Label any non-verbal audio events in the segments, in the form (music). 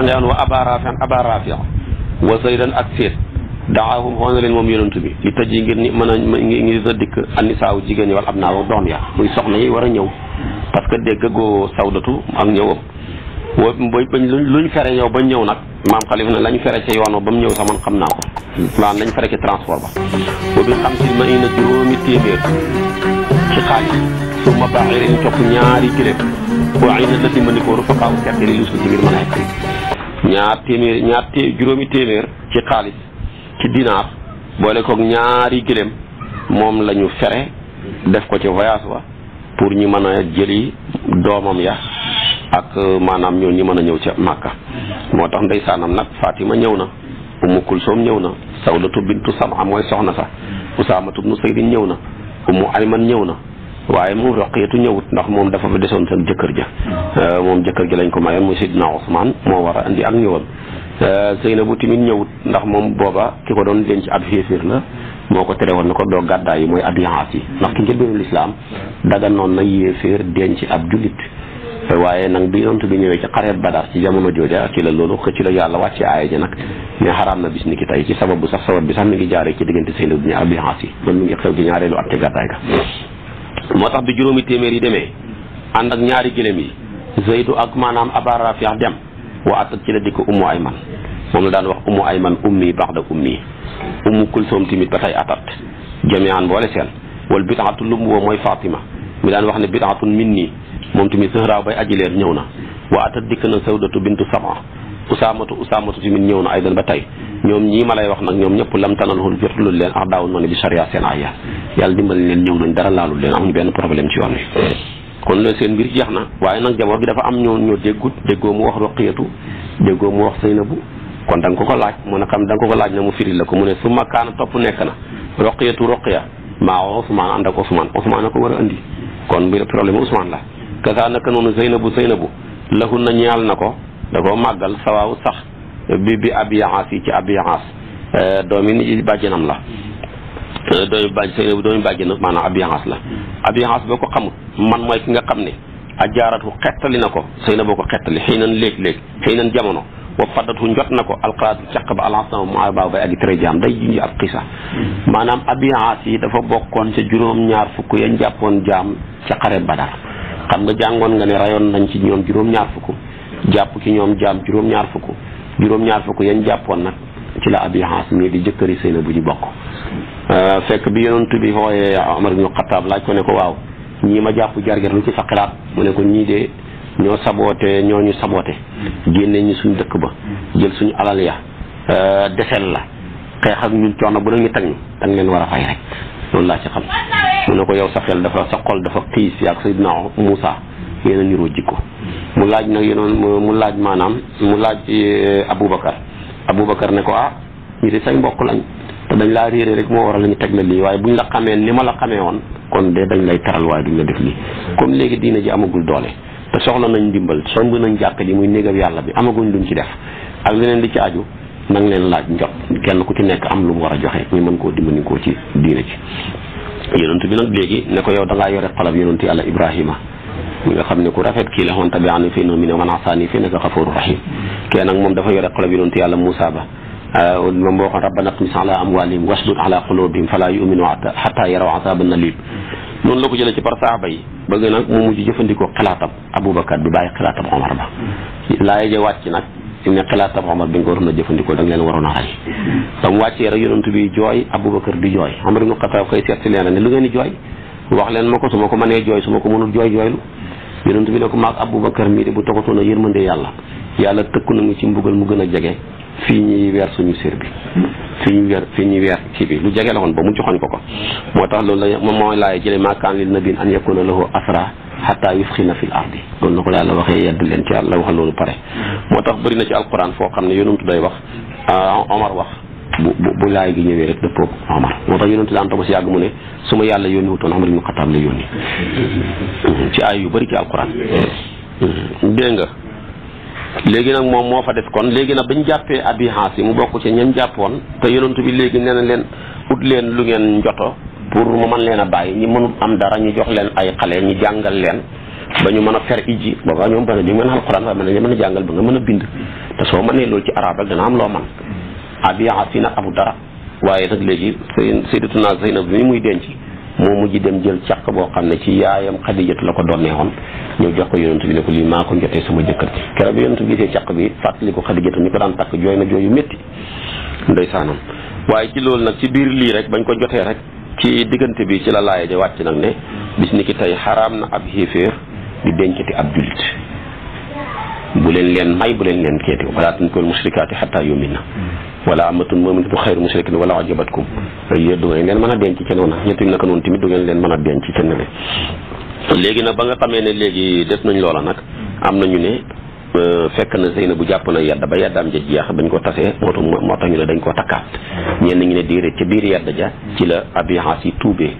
an wa aba rafian aba rafia wa zaydan ak seet daahum xoo na leen moom yonantu bi li tëj yi ngir ni mën a ngi sa dikk annisaaw jigéen yi wala am naa doom ya muy soxna yi war a ñëw parce que dégg goo sawdatu ak ñëwam wa bañ luñ fere yow ba ñëw nag maam xalif ne lañ fere ca yoon ba mu ñëw sax man xam naa ko laan lañ fere ci transport ba wa bi xam si ma ina juróomi téeméer ci xaalis suma baaxirin topp ñaari kilé wa ay na la dimbandikoo rufaqaa u fekkeeri luus ci biir malaayka ñaar téeméer ñaar té juróomi téeméer ci xaalis ci dinaar boole kook ñaari gëléem moom lañu ñu fere def ko ci voyage wa pour ñi mën a jëli doomam ya ak maanaam ñoo ñi mën a ñëw ca Màkka moo tax ndeysaanam nag Fatima ñëw na Umu Kulsoom ñëw na Sawdatu bintu Sam'a mooy soxna sa Usaamatu bnu Zaydin ñëw na Umu man ñëw na waaye moom yeetu ñëwut ndax moom dafa fa desoon seen jëkkër ja euh, moom jëkkër ji lañ ko mayoon muy sidna Ousmane moo war a andi ak ñëwam euh, Seynabu tamit ñëwut ndax moom booba ki ko doon denc ab xéeféer la moo ko tere woon na ko doo gàddaay yi mooy alliance yi ndax ki njëlbéenu lislaam daga noon na yéeféer denc ab jullit waaye nag bi yonent bi ñëwee ci xareet badar ci jamono jooja ci la loolu xëcc la yàlla wàcce aaya ji nag ne xaraam na bis ni ki sax sabab bi sax ngi jaaree ci diggante Seynabu bi ñu alliance yi loolu mi ga moo tax bi juróomi téeméer yi demee ànd ak ñaari gëléem yi Zaydu ak maanaam Aba Rafiya dem wa atat ci la dikk Ummu Ayman moom la daan wax Ummu Ayman ummi baax da ummi Ummu Kulsoom tamit ba tey atat jami'an boole seen wal bid'atu lum woo mooy Fatima mi daan wax ne bid'atun minni moom tamit Zahra bay aji leer ñëw na wa atat dikk na Sawdatu bintu Sama usaamatu usaamatu tamit ñëw na ay dan ba tey ñoom ñii ma lay wax nag ñoom ñëpp lam tanalul jotulul leen ax na waaye bi dafa am ñoo ñoo déggut déggoo mu wax roqiyatu déggoo mu wax kon da ko ko laaj mu ne xam da ko ko laaj na mu firi la ko mu ne su ma kaana topp nekk na roqiyatu roqiya maa wax Ousmane ànd ak Ousmane Ousmane a ko war a andi kon bi problème Ousmane la kasaa naka noonu saynabu saynabu lahun na ñaal na ko da koo màggal sawaaw sax bi bi abiyaas yi ci abiyaas eh, eh, doomi ni bàjjanam la doomi bàjj Seynabu doomi bàjjanam maanaam abiyaas la abiyaas boo ko xamut man mooy ki nga xam ne a jaaratu xettali na ko boo ko xettali xëy léeg-léeg xëy jamono wa faddatu njot na ko alxalaatu caq ba alansama mu abaaw bay ak très jaam day junj ab xisa maanaam abiyaas yi dafa bokkoon ca juróom-ñaar fukk yañ jàppoon jaam ca ba badar xam nga jàngoon nga ne rayoon nañ ci ñoom juróom-ñaar jàpp ci ñoom jaam juróom-ñaar fukk juróom-ñaar fukk yan jàppoon nag ci la ab xaas mii di jëkkëri sëy na bu ñu bokk euh, fekk bi yonent bi xooyee Omar ibnu Xataab laaj ko ne ko waaw ñii ma jàpp jarger lu ci sa xalaat ne ko ñii de ñoo saboote ñoo ñu saboote génne ñu suñ dëkk ba jël suñu alal ya euh, desel la xeex ak ñun coono bu ne ñu tag ñu da nga leen war a fay rek loolu laa ci xam mu ne ko yow sa xel dafa sa xol dafa xiis yaag Seydina Muusa yéen a niroo jikko mu laaj nag yenoon mu laaj maanaam mu laaj abu eh, Aboubacar Aboubacar ne ko ah ñu di say mbokk lañ te dañ laa réeré rek moo war a lañu teg la lii waaye buñ la xamee ni ma la xamee woon kon de dañ lay taral waaye duñ la def lii comme léegi diina ji amagul doole te soxla nañ ndimbal bu nañ jàkk ji muy néegam yàlla bi amaguñ luñ ci def ak leneen li ci aju nang leen laaj njot kenn ku ci nekk am lu mu war a joxe ñu mën koo dimbali ci diina ci yonent bi nag léegi ne ko yow da ngaa yore xalab yonent yàlla Ibrahima mi nga xam ne ku rafet kii la xoon tabi'ani fa innahu minni wa man asaani fa innaka ghafurun rahim kee nag moom dafa yore xolab yonentu yàlla Moussa ba moom boo xoon rabbana tmis ala amwalihim wasdud ala qulubihim fala yu'minu hatta yaraw azaban alim noonu la ko jëlee ci par saaba yi bëgg nag mu mujj jëfandikoo xalaatam Aboubacar bi bàyyi xalaatam Omar ba laaya ja wàcc nag ne xalaatam Omar bi nga waroon a jëfandikoo da nga a rey ba mu wàccee rek yonent bi jooy Aboubacar di jooy Omar ibn Xattaab koy seet si leen ne di wax leen ma ko su ma ko mënee jooy su ma ko mënul jooy jooylu yonent bi ne ko maag Abubakar mii de bu toxatoon a yërmande yàlla yàlla tëkku nañu ci mbugal mu gën a jege fii ñuy weer suñu sér bi fii ñuy weer fii ñuy weer kii bi lu jege la woon ba mu joxoñ ko ko moo tax loolu la moom mooy laay jële maa kaan na nabiin an yakuna lahu asra xataa na fi ardi loolu na ko yàlla waxee yedd leen ci yàlla wax loolu pare moo tax bëri na ci alquran foo xam ne yonent day wax ah, Omar wax bu bu bu laay gi ñëwee rek dëppoo Omar moo tax yonente daan toog si yàgg mu ne su ma yàlla yónni wutoon Omar ibn Xattaab la yónni (laughs) ci ay yu bëri ci (laughs) nga léegi nag moom moo fa des kon nag bañ jàppee abi yi mu bokk ci ñam jàppoon te yonentu bi léegi nee na leen ut leen lu ngeen njoto pour mu man leen a bàyyi ñi mënul am dara ñu jox leen ay xale ñu jàngal leen ba ñu mën a fer ijji booba ñoom ba ne di mën a alquran waaye mën a jàngal ba nga mën a bind te soo mënee loolu ci arab rek dana am loo man abiya si nag abu dara waaye nag léegi naa sayyidatuna Zaynab bi muy denc moo mujj dem jël caq boo xam ne ci yaayam Xadijatu la ko doon donneexoon ñëw jox ko yonent bi ne ko lii maa ko njotee sama jëkkër keroog bi yonent bi gisee càq bi fàttali ko Xadijatu ni ko daan takk jooy na jooy yu métti ndeysaanam waaye ci loolu nag ci biir lii rek bañ ko jotee rek ci diggante bi ci la laaya ja wàcc nag ne bis ni ki tey xaraam na ab xéeféer di dencati ab jullit bu leen leen may bu leen leen keeti wala tunkihul musrikaati xataa yu'minna wala amatun mu'minatun xayrun musrikatin walaw ajabatkum yéen du ngeen leen mën a denc ca noona yéen naka noonu tamit du ngeen leen mën a denc ca ne léegi nag ba nga xamee ne léegi def nañ loola nag am na ñu ne Euh, fekk na Zeyna bu jàpp na yadda ba yaddaam ja jeex bañ ko tasee moo tax moo ñu ne dañ ko takkaat ñenn ñu ne déedéet ca biir yadda ja ci la Abi Haas yi tuubee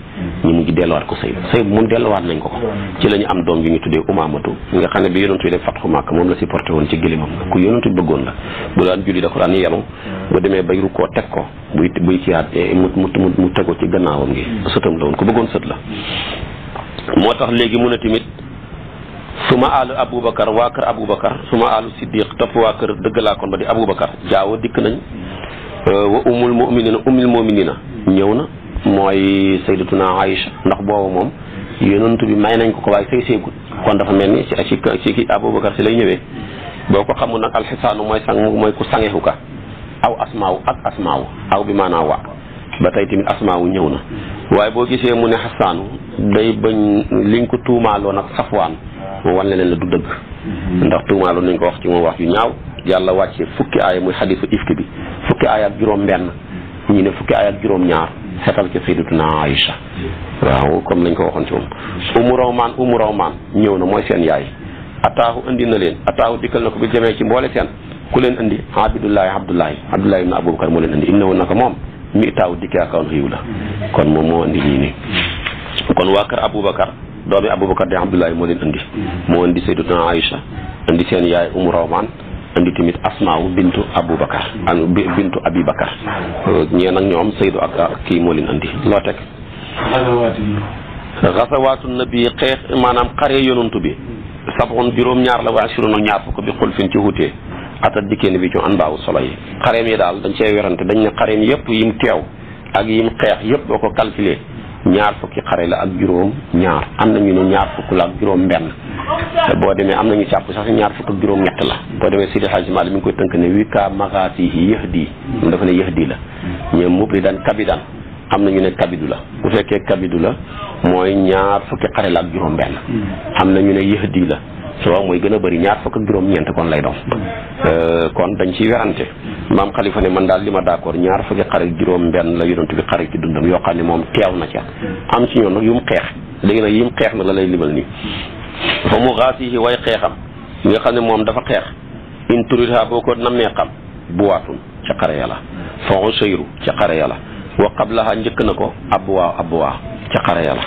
ñu mujj delluwaat ko Sëyb Sëyb moom delluwaat nañ ko ko ci la am doom yi ñu tuddee Umaamatu nga xam ne bi yonentu yi def fatxu Màkka moom la si porté woon ci gilimam ku yonentu bëggoon la bu daan julli da ko daan yenu bu demee bay rukkoo teg ko buy buy kiyaat eh, mu mu mu tegu ci gannaawam gi sëtam la woon ku bëggoon sët la moo tax léegi suma alu aboubacar waa kër aboubacar suma alu siddiq topp waa kër dëggalaakoon ba di aboubacar jaawo dikk nañ euh, wa umul muminina umil muminina ñëw na mooy naa Aïcha ndax boobu moom yonent bi may nañ ko ko waaye say seegut kon dafa mel ni ci ci ci aboubacar si lay ñëwee boo ko xamul nag alxisaanu mooy sang mooy ku sangeeku ka aw asmaaw ak asmaaw aw bi maanaa wa ba tey tamit asmaawu ñëw na waaye boo gisee mu ne xasaanu day bañ liñ ko tuumaaloon ak safwaan mu wan leen ne du dëgg mm-hmm. ndax tuumaaloon nañ ko wax ci moom wax yu ñaaw yàlla wàcce fukki aaya muy xadiisu ifk bi fukki aaya ak juróom benn ñu ne fukki aaya ak juróom ñaar seetal ca sayyidatuna Aïcha waaw comme lañ ko waxoon ci moom umu rawmaan umu rawmaan ñëw na mooy seen yaay ataahu indi na leen ataahu dikkal na ko bi jamee ci mboole seen ku leen indi abidullahi abdullahi abdullahi ibn abubakar moo leen indi im na woon na ko moom mi taaw dikkee akawoon xiiw la mm-hmm. kon moom moo indi ñii ni kon waa kër doomi Aboubacar de Abdoulaye moo leen indi moo indi Sayyidatuna Aïcha indi seen yaay Umu Rawman indi tamit Asmaaw bintu Aboubacar bintu Abibakar ñeen ak ñoom Seydou ak kii moo leen indi loo teg xasawaatu nabi xeex maanaam xare yonantu bi sabxun juróom ñaar la waa asiruna ñaar fukk bi xulfin ci wutee atat dikkee ne bi ci an solo yi xareem yi daal dañ cee werante dañ ne xareem yëpp yim teew ak yim xeex yëpp boo ko calculé ñaar fukki xare la ak juróom ñaar am na ñu ne ñaar fukk la ak juróom benn boo demee am nañu càpp sax ñaar fukk ak juróom ñett la boo demee si Hadj Malick mi ngi koy tënk ne wi ka magaasi yi yëx dii mu dafa ne yëx dii la ñoom mubri daan kabidan am na ñu ne kabidu la bu fekkee kabidu la mooy ñaar fukki xare la ak juróom benn am na ñu ne yëx dii la suba mooy gën a bëri ñaar fukk ak juróom-ñeent kon lay doon mm. euh, kon dañ ciy werante maam xalifa ne man daal li ma d'accord ñaar fukki xare juróom benn la yonent bi xare ci dundam yoo xam ne moom teew na ca am ci ñoom nag yu mu xeex léegi nag yi mu xeex na la lay limal nii fa mu yi way xeexam yi nga xam ne moom dafa xeex in turita boo ko nammee xam bu waatun ca xare yàlla fa usayru ca xare yàlla wa qablaha njëkk na ko abwaa abwaa ca xare yàlla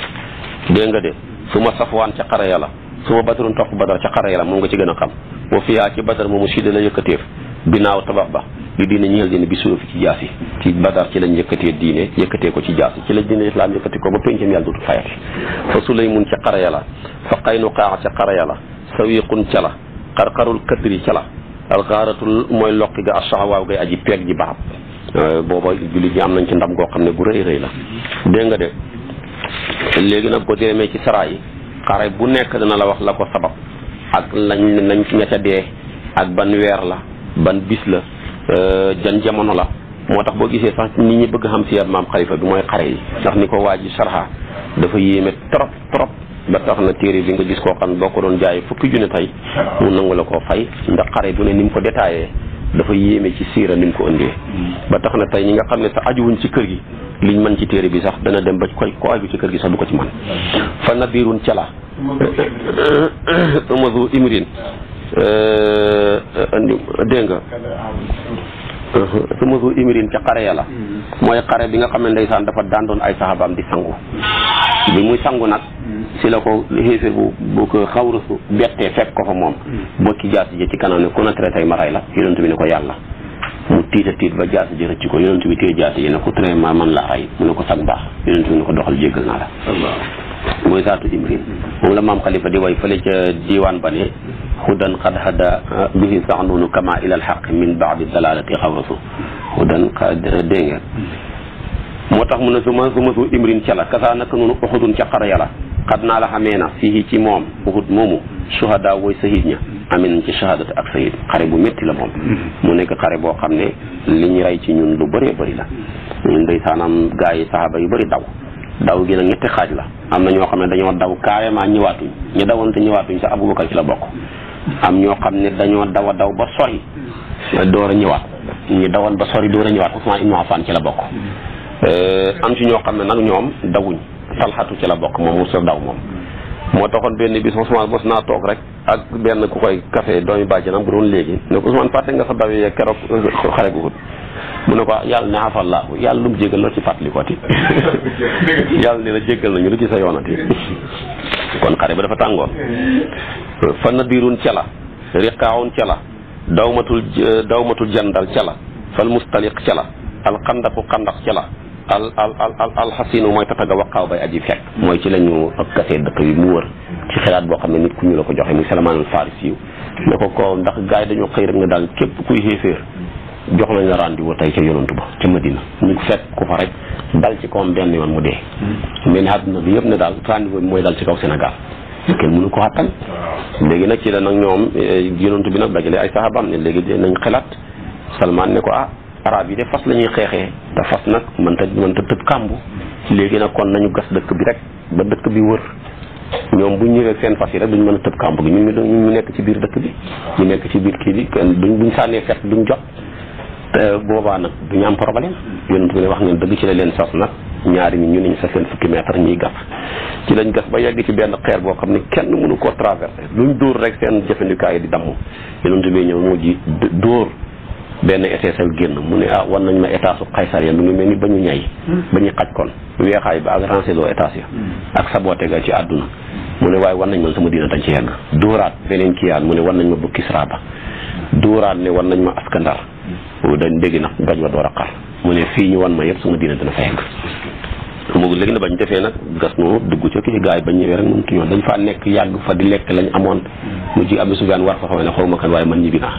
dégg nga de su ca xare yàlla suma badarun topp badar ca xare ya la moom nga ci gën a xam wa fiyaa ci badar moomu sidda la yëkkateef binaaw tabax ba li diine ñeel diine bi suuf ci jaas yi ci badar ci lañ yëkkatee diine yëkkatee ko ci jaas yi ci la diine islaam yëkkati ko ba péncam yàlla dootu fayati fa sulaymun ca xare la fa qaynu qaax ca la sawiqun ca la xarxarul kadri ca la alxaaratul mooy lokki ga asahawaaw gay aji peeg ji baab euh, booba jullit ñi am nañ ci ndam goo xam ne gu rëy rëy la dégg nga de léegi nag boo demee ci sara yi xare bu nekk dana la wax la ko sabab ak lañ nañ ña ca dee ak ban weer la ban bis la euh, jan jamono la moo tax boo gisee sax nit ñi bëgg xam si maam xalifa bi mooy xare yi ndax ni ko waa ji sarxa dafa yéeme trop trop ba tax na téere bi nga gis koo xam boo ko doon jaaye fukki junne tey mu nangu la ko fay ndax xare bu ne ni mu ko détaillé dafa yéeme ci siira ni mu ko indee mm. ba tax na tey ñi nga xam ne sa ajuwuñ ci kër gi liñ mën ci téere bi sax dana dem ba ko ko aju ci kër gi sax du ko ci man fa nadirun cala umadu (coughs) imrin euh, dégg nga umadu uh-huh. imrin ca xare yàlla mm. mooy xare bi nga xam ne ndeysaan dafa daan doon ay saxabaam di sangu bi muy sangu nag si la ko xéeféer bu bu ko xawrusu bettee fekk ko fa moom hmm. bokki jaas ji ci kanam ne ku na traité ma rey la yonent bi ne ko yàlla mu tiita tiit ba jaas ji rëcc ko yonent bi téye jaas ji ne ko traité man la rey mu ne ko sag baax yonent bi ne ko doxal jéggal naa la mooy saatu imrin moom la maam xalifa di way fële ca diiwaan ba ne hudan qad hada bihi sax noonu kama ila alxaq min baadi dalalati xawrusu hudan qad dégg hmm. moo tax mu ne su ma su ma su imrin ca la kasaa ca xara yàlla xat naa la xamee na fii ci moom uhud moomu suhada wooy sahid ña amee nañ ci shahadatu ak sahid xare bu métti la moom mu nekk xare boo xam ne li ñu rey ci ñun lu bëree bëri la ñun ndeysaanam gaa yi saxaaba yu bëri daw daw gi nag ñetti xaaj la am na ñoo xam ne dañoo daw carrément ñëwaatuñ ñu dawoon te ñëwaatuñ ñëwaat abubakar ci la bokk am ñoo xam ne dañoo daw daw ba sori door a ñëwaat ñu dawoon ba sori door a ñëwaat Usmaan ibnu ci la bokk Euh, am ci ñoo xam ne nag ñoom dawuñ talxatu ci la bokk moom mu sa daw moom moo taxoon benn bis Ousmane mos naa toog rek ak benn ku koy café doomi bàjjanam bu doon léegi ne ko Ousmane fàtte nga sa daw yee keroog euh, xare gu mu ne ko ah, yàlla ne afallaahu yàlla lu mu jéggal lool ci fàttalikooti (laughs) yàlla ne la jéggal nañu lu ci sa yoonati (laughs) kon xare ba dafa tàngoon fa nadirun ca la riqaawun ca la dawmatul euh, dawmatul jandal ca la fal mustaliq ca la alxandaqu ca la al al al al xasinu mooy tataga waqaaw bay aji fekk mooy ci la ñu kasee dëkk bi mu wër ci xelaat boo xam ne nit ku ñu la ko joxe muy Salmaan Farisi yu ne ko ko ndax gars yi dañoo xëy rek ne daal képp kuy xéeféer jox nañ la rendez-vous tey ca yonantu ba ca Madina ñu fekk ku fa rek dal ci kawam benn yoon mu dee mel hmm. ni àdduna bi yëpp ne daal rendez-vous bi mooy dal ci kaw Sénégal kenn mënu ko xàttan léegi nag ci la nag ñoom eh, yonantu bi nag dajale ay saxaabam ne léegi nañ xelaat Salmaan ne ko ah arab yi de fas la ñuy xeexee te fas nag mënta mënta tëb kàmbu léegi nag kon nañu gas dëkk bi rek ba dëkk bi wër ñoom bu ñëwee seen fas yi rek duñ mën a tëb kàmb gi ñun ñu nekk ci biir dëkk bi ñu nekk ci biir kii bi kenn duñ buñ sànnee fet duñ jot te boobaa nag duñu am problème yonent bi ne wax ngeen dëgg ci la leen sas nag ñaari ñi ñu ne ñu sa seen fukki mètre ñuy gas ci lañ gas ba yegg ci benn xeer boo xam ne kenn mënu koo traversé luñ dóor rek seen jëfandikaay di damm yonent bi ñëw moo ji dóor benn essai am génn mu ne ah wan nañ ma état su ya mu ngi mel ni ba ñu ñay hmm. ba ñu xaj kon weexaay ba ak renceloo état ya hmm. ak saboté ga ci àdduna mu ne waaye wan nañ ma sama diina dañ ci yegg duuraat beneen kiyaan mu ne wan nañ ma bu Kisra ba duuraat ne wan nañ ma askandar hmm. dañ dégg nag gaj wa door a xar mu ne fii ñu wan ma yëpp sama diina dina fa yegg moom léegi na bañ defee nag gas noonu dugg ca kii gars yi bañ ñëwee rek mënut ñoon dañ faa nekk yàgg fa di lekk lañ amoon mu ji abi sufyaan war fa xamee ne xaw ma kan waaye man ñibbi naa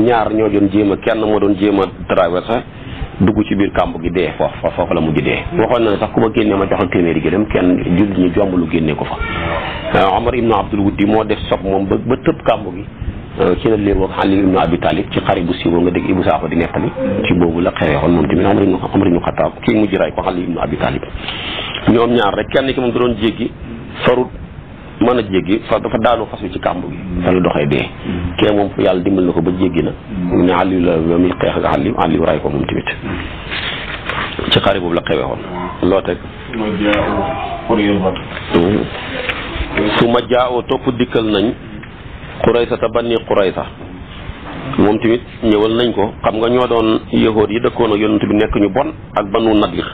ñaar ñoo doon jéem a kenn moo doon jéem a sax dugg ci biir kàmb gi dee foofu foofu la mujj dee waxoon na ne sax ku ma génnee ma jox téeméeri gëlëm kenn jullit ñu jomb lu génnee ko fa Omar ibnu Abdul Wuddi moo def sob moom ba ba tëb kàmb gi ci la léemoog Ali ibnu Abi Talib ci xare bu siiwoo nga dégg Ibou Sakho di nettali ci boobu la xewee woon moom tamit Omar ibnu kenn ki moom da doon jéggi farut a jéggi fa dafa daanu fas ci kàmb gi fa la doxee bee yàlla dimbal na ko ba jéggi na mu ne Aliou la ba muy xeex ak Aliou Aliou ray ko moom tamit ci xare boobu la xewee woon loo teg su ma jaawoo topp dikkal nañ Quraysa ta banni Quraysa moom tamit ñëwal nañ ko xam nga ñoo doon yëhoot yi dëkkoon ak yonent bi nekk ñu bon ak banu Nadir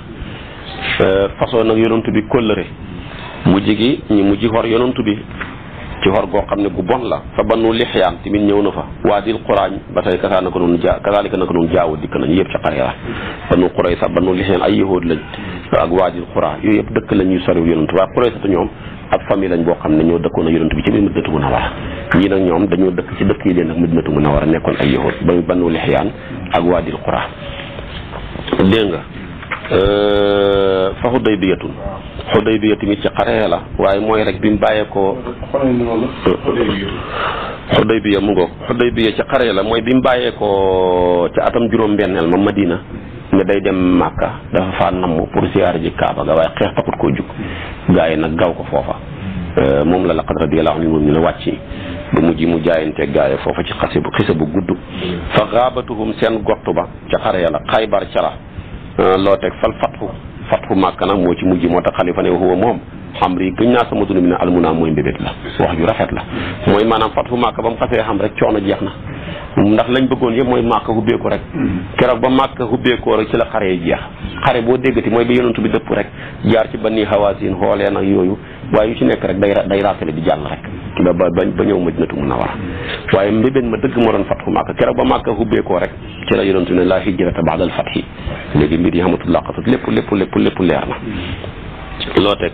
façon nag yonent bi kóllëre mujj gi ñu mujj xor yonent bi ci xor goo xam ne gu bon la fa banu lixyaan tamit ñëw na fa waadil quraañ ba tey kasaa naka noonu jaa kasaalika naka noonu jaawo dikk nañ yëpp ca xarira banu quraysa banu lixyaan ay yahood lañ ak waadil quraañ yooyu yëpp dëkk lañ ñuy soriw yonent waaye quraysa te ñoom ab famille lañ boo xam ne ñoo dëkkoon ak bi ci biir Madinatu Munawara ñii nag ñoom dañoo dëkk ci dëkk yi leen ak Madinatu a nekkoon ay yahud ba ñu Banu Lixyaan ak waa Waadil Qura dégg nga euh, fa Xudaybiyatun Xudaybiya tamit ci xaree la waaye mooy rek bi mu bàyyeekoo Xudaybiya mu ngoog Xudaybiya ci xaree la mooy bi mu bàyyeekoo ca atam juróom-benneel ma Madina nga day dem màkka dafa faa namm pour ziyaara ji kaaba ga waaye xeex taxut koo jug gaa yi nag gaaw ko foofa euh, moom la laqad radiyallahu anil mu'miniina ñu la wàcc ba mujj mu jaayante gaaye foofa ci xase bu xisa bu gudd fa xaabatuhum seen gottu ba ca xare yàlla xaybar ca la euh, loo teg fal fatxu fatxu màkk nag moo ci mujj moo tax xalifa ne huwa moom am rii gëñ naa sama tund mi almunaam mooy mbébét la wax ju rafet la mooy maanaam fatxu màkk ba mu xasee xam rek coono jeex na ndax lañ bëggoon yëpp mooy màkk hubbeeku rek keroog ba màkk hubbeekoo rek ci la xare yi jeex xare boo déggati mooy ba yonentu bi dëpp rek jaar ci banni hawaasin xoolee nag yooyu waaye yu ci nekk rek day day di jàll rek ba ba ba ñëw Madinatu Munawwara waaye mbébén ma dëgg moo doon fatxu Màkka keroog ba Màkka hubbeekoo rek ci la yonentu ne laa hijrata ba'da al-fathi léegi mbir yi xamatul laqatut lépp lépp lépp lépp leer na loo teg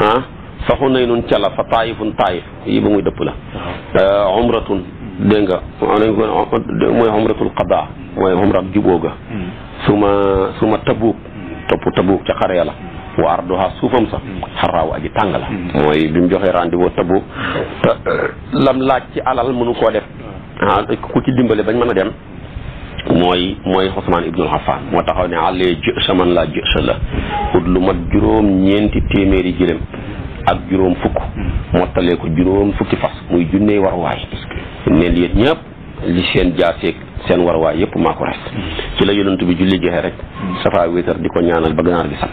ah fa xunaynun cala fa taayifun taayif yi ba muy dëpp la umratun dégg nga nañ ko mooy umratul qadaa mooy umra juboo ga hmm. suma ma tabuuk hmm. topp tabuuk ca xare yàlla hmm. wa arduha suufam sax xaraaw aji tàng la mooy bi mu joxee rendez-vous tabuuk euh, lam laaj ci alal mënu koo def ah, ku ci dimbale bañ mën a dem mooy mooy Usmaan ibnul Affaan moo taxaw ne àllee jësa man laa jësa la ut lu mat juróom ñeenti téeméeri gëléem ak juróom fukk mottalee ko juróom fukki fas muy junney war ne yéen ñëpp li seen jaaseeg seen warwaay yëpp maa ko res ci la yonent bi julli joxe rek safa wéetar di ko ñaanal ba ganaar bi sax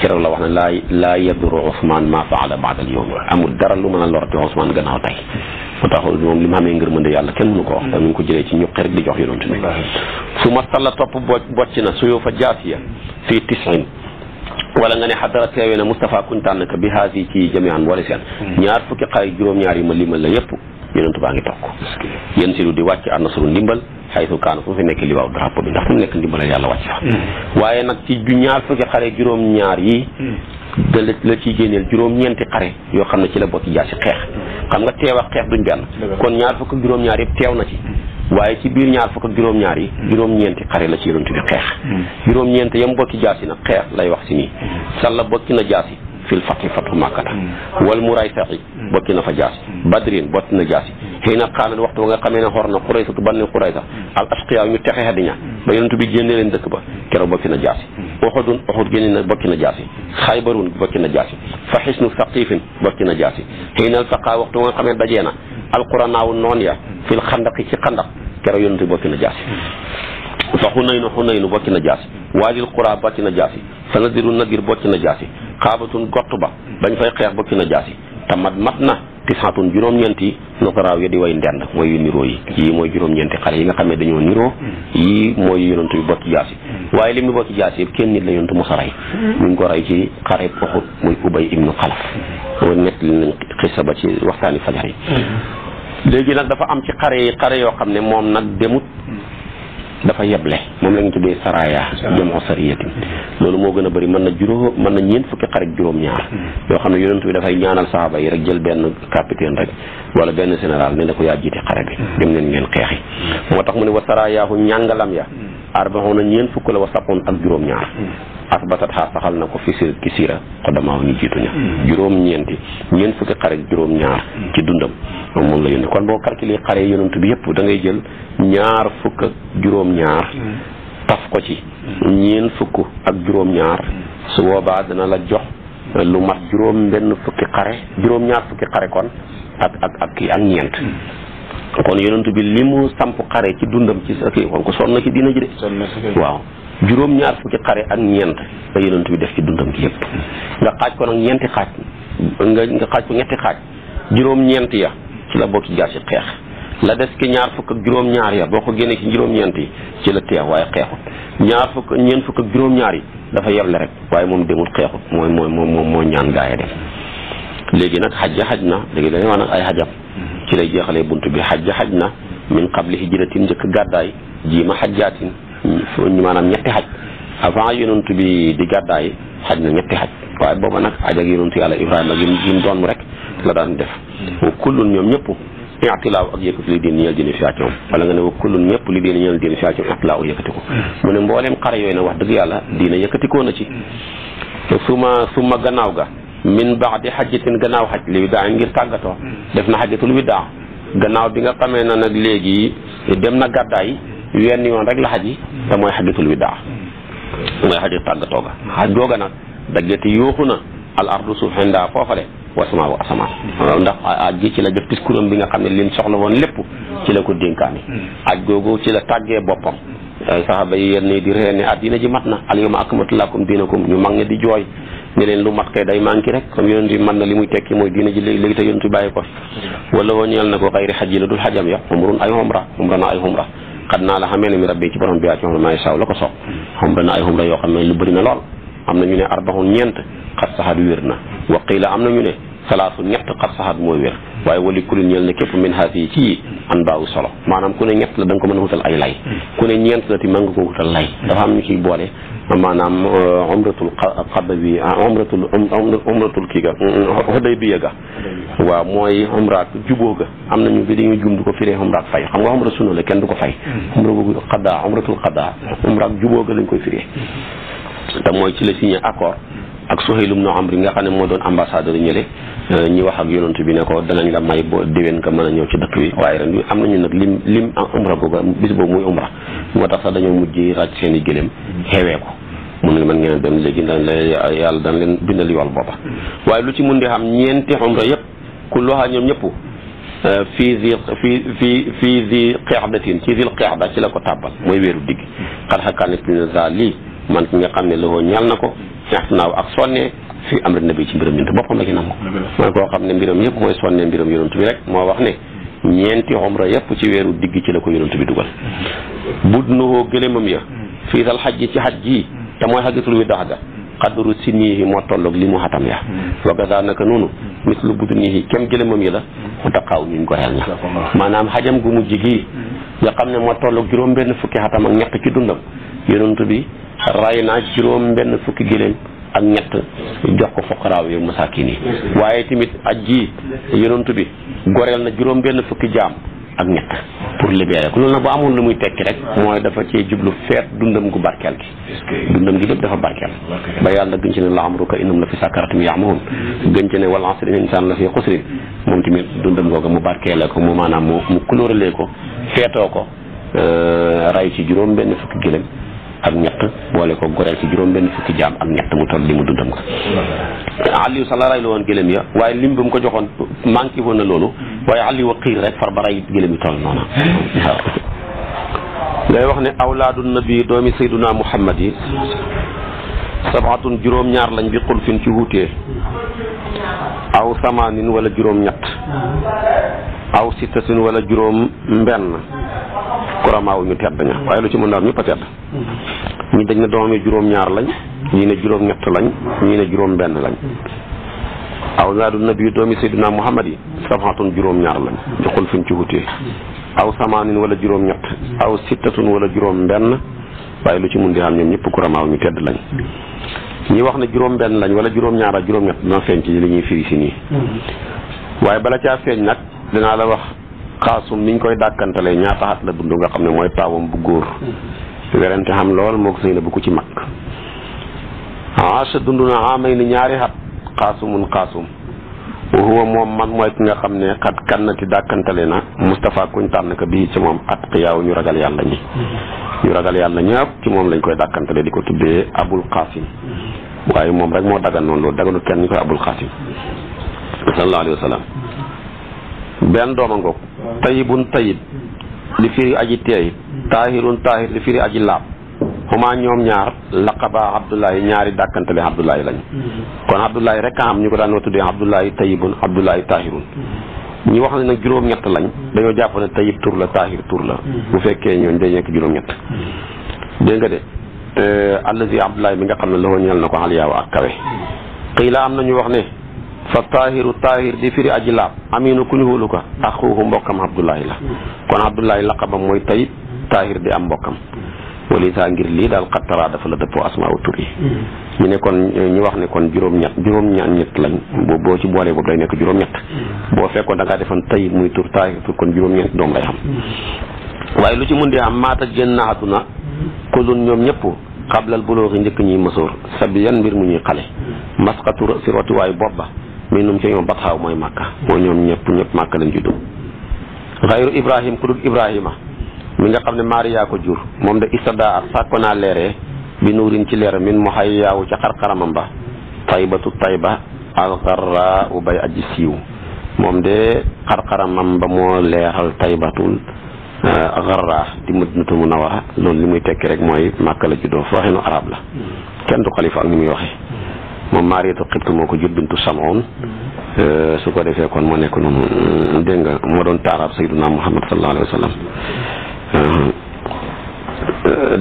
keroog la wax ne laa laa yaduru Ousmane maa faala baadal yowm amul dara lu mën a lorati Ousmane gannaaw tey moo tax moom li mu xamee ngërmande yàlla kenn mënu ko wax dañu ko jëlee ci ñuqi rek di jox yonent bi su ma salla topp bocc na suyoo fa jaasiya fii tisin wala nga ne xadara teewee na Moustapha kuntaan naka bi haasi ci jamian wala seen ñaar fukki xaay juróm ñaar yi ma limal la yëpp yonentu baa ngi toog yéen si lu di wàcc na sunu ndimbal xaytu kaanu fu fi nekk li waaw drapeau bi ndax mu nekk ndimbalal yàlla wàcc fa hmm. waaye nag ci ñaar fukki xare juróom ñaar yi da hmm. la ciy génneel juróom ñeenti xare yoo xam ne ci la bokk jaar ci xeex xam nga teew ak xeex duñ benn kon ñaar fukk ak juróom ñaar yëpp teew na ci hmm. waaye ci biir ñaar fukk ak juróom-ñaar yi juróom-ñeenti xare la ci yonent bi xeex juróom-ñeent yam bokki jaasi nag xeex lay wax si nii sàlla bokki na jaasi fil fati fatu makkata mm. wal muray saxi mm. bokki na fa jaasi mm. badrin bott na jaasi xiina xaalat waxtu ba nga xamee ne xor na xuraysatu banni xuraysa al asqiya ñu texe xadiña ba yonentu bi génne leen dëkk ba keroog bokki na jaasi uxudun uxud génne na bokki na jaasi xaybarun bokki na jaasi fa xisnu saqifin bokki na jaasi xiina altaqa waxtu ba nga xamee dajee na alquranaawu noon ya fil xandaqi ci xandaq keroog yonentu bi bokki na jaasi fa xunaynu xunaynu bokki na jaasi waadil qura bokki na jaasi sa nadiru nadir bocc na jaasi xaabatun gott ba bañ fay xeex bocc na jaasi te mat mat na tisaatun juróom-ñeenti nukaraaw ya di way ndend mooy yu niroo yi mm. yii mooy juróom-ñeenti xale yi nga xam ne dañoo niroo mm. yii mooy yu mm. yonantu yu bokk jaasi waaye li mu bokk jaasi yëpp kenn nit la tu mos a rey ñu ngi ko rey ci xareb Uhud muy ubay ibnu xalaf mooy nett li xissa ba ci waxtaani fajar yi léegi nag dafa am ci xare yi xare yoo xam ne moom nag demut dafa yeble moom la ñu tuddee saraya jamoo sariyati loolu moo gën a bari mën na juróom mën na ñeent fukki xarit juróom-ñaar hmm. yoo xam ne yonent bi dafay ñaanal saaba yi rek jël benn capitaine rek wala benn général ne na ko yaa jiite xare bi hmm. dem leen ngeen xeexi hmm. moo tax mu ne wa sarayaahu ñàngalam ya arbaxoona ñeent fukk la wa sappoon ak juróom-ñaar asbatat xaa saxal na ko fi si ki siira xodamaaw ñu jiituña juróom-ñeenti ñeent fukki xarit juróom-ñaar ci dundam moom moom la yónni kon boo calculé xare yonent bi yëpp dangay jël ñaar fukk ak juróom-ñaar taf ko ci ñeen fukk ak juróom-ñaar su boobaa dina la jox lu mat juróom benn fukki xare juróom-ñaar fukki xare ak ak ak ak ñeent kon yonent bi li mu samp xare ci dundam ci sa kii na ci dina ji de waaw juróom-ñaar fukki xare ak ñeent la yonent bi def ci dundam ci yëpp nga xaaj ko nag ñeenti xaaj nga nga xaaj ko ñetti xaaj juróom-ñeent ya ci la bokki jaar ci xeex la des ki ñaar fukk ak juróom-ñaar ya boo ko génnee ci juróom-ñeent yi ci la teew waaye xeexut ñaar fukk ñeent fukk ak juróom-ñaar yi dafa yeble rek waaye moom demul xeexut mooy mooy moom mooy ñaan gaay dem léegi nag xajja xaj na léegi dañuy wax nag ay xajam ci lay jeexalee bunt bi xajja xaj na min qabli hijratin njëkk gàddaay jiima xajjaatin maanaam ñetti xaj avant yonent bi di gàddaay xaj na ñetti xaj waaye booba nag xaj ak yonentu yàlla Ibrahima gi mu doon rek la daan def hmm. wa kullun ñoom ñëpp ixtilaaw ak yëkkati li dén ñeel dén fia coom wala nga ne wa kullun ñëpp li dén ñeel dén fia coom ixtilaaw yëkkati ko hmm. mu ne mbooleem xare yooyu na wax dëgg yàlla diina yëkkatikoo na ci hmm. suma suma gannaaw ga min baax di xajjatin gannaaw xaj li daa ngir tàggatoo def na xajjatul widaa gannaaw bi nga xamee na nag léegi dem na gàddaay wenn yoon rek la xaji te mooy xajjatul widaa mooy xajjat tàggatoo ga xaj googa nag daggati yuuxu na al ardu suuf xendaa foofale wasamaawu asamaan ndax aj gi ci la def discours bi nga xam ne lim soxla woon lépp ci la ko dénkaane hmm. aj googu ci la tàggee boppam hmm. saxaaba yi yenn yi di ree ne addina ji mat na al yawma akmaltu lakum diinakum ñu mag ñi di jooy ne leen lu mat kay day manqué rek comme yonent bi mën na li muy tekki mooy diina ji léegi léegi te yonent bi bàyyi ko hmm. wala woo ñeel na ko xayri xaj yi la dul xajam ya umrun ay umra umra na ay umra xad la xamee ne mi rabbi ci borom bi ci umra may yoo xam ne lu bëri na lool am na ñu ne arbaxun ñeent xat saxat wér na wa qiila am na ñu ne salaasu ñett xat saxat mooy wér waaye wali kulin ñeel na képp min haas yi ci yi an solo maanaam ku ne ñett la da ko mën a wutal ay lay ku ne ñeent la ti mën nga ko wutal lay dafa am ñu ciy boole maanaam uh, umratul xaba bi uh, umratul um, umratul kii ga xodday mm, mm, bi ga waaw mooy umraak jubóo ga am nañu bi dañuy jum du ko firee umraak fay xam nga umra sunna la kenn du ko fay mm. umra xadaa umratul xadaa umraak juboo ga lañ koy firee te mooy ci la signé accord ak Suhayl ibn Amr nga xam ne moo doon ambassadeur ñële euh, ñi wax ak yonent bi ne ko danañ la may boo déwén ka mën a ñëw ci dëkk bi waaye ren am nañu nag lim lim umra boobu bis boobu muy umra moo tax sax dañoo mujj ràcc seen i gëléem xewee ko mun nga mën ngeen dem léegi dañ la yàlla dañ leen bindal yool booba waaye lu ci mun di xam ñeenti umra yëpp ku loxaa ñoom ñëpp euh, fii zi fii fii fii zi qeexdatin ci zil ci la ko tàbbal mooy wéeru digg xar xakkaanit pine za lii man ki nga xam ne loxoo ñal na ko naa naaw ak sonne fii am ri nabi ci mbiram ñun boppam la ci nam koo xam ne mbiram yëpp mooy sonne mbiram yonent bi rek moo wax ne ñeenti xomra yëpp ci weeru digg ci la ko yonent bi dugal bud nuhoo gëléemam ya fii sal xaj ci xaj ji te mooy xagitul wi dox ga ru si niihi moo tolloog li mu xatam ya wagasa naka noonu mis lu budu niihi kem gëléemam yi la mu taqaaw ñuñ goreel ña maanaam xajam gu mujj gi nga xam ne moo tolloog juróom benn fukki xatam ak ñett ci dundam yonent bi ray naa juróom benn fukki gëléem ak ñett jox ko foqaraaw yi masaakin yi waaye tamit aj ji yonent bi goreel na juróom benn fukki jaam ak ñett pour libérer ko loolu nag bu amul lu muy tekki rek mooy dafa cee jublu feet dundam gu barkeel gi dundam gi dafa barkeel ba yàlla gën ci ne la amruka innahum la fi sakaratim ya'mahun gën ci ne wal asri innal insana la fi xusrin moom tamit dundam googu mu barkeele ko mu maanaam mu mu colorelee ko feetoo ko euh, ray ci juróom benn fukki gëlëm ak ñett boole ko goreel ci juróom benn fukki jaam ak ñett mu toll li dundam ko Aliou sax la ray la woon gëlëm ya waaye lim bi mu ko joxoon manqué woon na loolu waaye Aliou wa xiir rek far ba ray gëlëm yi toll noona waaw ngay wax ne awlaadu nabi doomi sayduna muhammad yi sabaatun juróom ñaar lañ bi xulfin ci wuutee aw samaanin wala juróom ñett aw sittatin wala juróom mbenn kuramaaw ñu tedd ña waaye lu ci mën daal ñëpp a tedd ñi dañ ne doomi juróom ñaar lañ ñii ne juróom ñett lañ ñii ne juróom benn lañ aw zaadu nabi doomi sayyidina muhammad yi sabaatun juróom ñaar lañ joxul fiñ ci wutee aw samaanin wala juróom ñett aw sittatun wala juróom mbenn waaye lu ci mun di am ñoom ñëpp kuramaaw ñu tedd lañ ñi wax na juróom-benn lañ wala juróom-ñaar ak juróom-ñett dina feeñ ci li ñuy firi si nii. Mm-hmm. waaye bala caa feeñ nag dinaa la wax xaasum niñ koy dàkkantalee ñaata xat la dund nga xam ne mooy taawam bu góor. Mm-hmm. xam lool moo ko ci mag. aasa dund na amay ni ñaari at xaasumun xaasum. wa huwa moom man mooy ki nga xam ne xat kannati dàkkantale na Moustapha kuñ tànn ko bii ci moom atqiyaaw ñu ragal yàlla ñi. Mm-hmm. ñu ragal yàlla ñëpp ci moom lañ koy dàkkantale di ko tuddee Abul Qasim. waaye moom rek moo dagan noonu loolu daganut kenn ñu koy abul xaasim sallallahu alayhi wa sallam benn dooma ngoog tayibun tayib li firi aji teey taahirun taahir li firi aji laab xumaa ñoom ñaar laqaba abdullahi ñaari dàkkantale abdullahi lañu kon abdullahi rek a am ñu ko daan tuddee abdullahi tayibun abdullahi taahirun ñu wax ne nag juróom-ñett lañ dañoo jàpp ne tayib tur la taahir tur la bu fekkee ñooñ dañ nekk juróom-ñett dégg nga de te euh, allazi abdoulaye bi nga xam ne la ñeel na ko aliyaaw ak kawe la am na ñu wax ne fa taahiru taahir di firi aji laab aminu ku ñu wóolu ko axuuhu mbokkam abdoulaye la kon abdoulaye laqabam mooy tayib taahir di am mbokkam wali saa ngir lii daal xattaraa dafa la dëppoo asmaa tur yi ñu ne kon ñu wax ne kon juróom-ñett juróom-ñaan ñett lañ boo boo ci boolee boobu day nekk juróom-ñett boo fekkoon da ngaa defoon tayib muy tur taahir tur kon juróom-ñett doom lay xam lu ci mën di am maata génn na àdduna kulun ñoom ñëpp xablal bulooxi njëkk ñuy mësoor sabi yan mbir mu ñuy xale masqatu si rotiwaayu bopp ba mi num ca ñoom bat mooy màkka mooy ñoom ñëpp ñëpp màkka lañ juddoo xayru ibrahim ku dul ibrahima mi nga xam ne maariyaa ko jur moom de istadaa ak sàkko naa leeree bi nuurin ci leer min mu xay yaawu ca xar-xaramam ba taybatu tayba ak zarraa u bay aji siiw moom de xar-xaramam ba moo leeral taybatul Euh, garra di Madinatu Munawwara loolu li muy tekki rek mooy Màkka la juddoo waxinu arab la kenn du xalifa ak ni muy waxee moom Maariyatu Xibt moo ko jur bintu Samoon euh, su ko defee kon moo nekk noonu dégg nga moo doon taaraab Sayyiduna Muhammad sa alayhi wa sallam euh,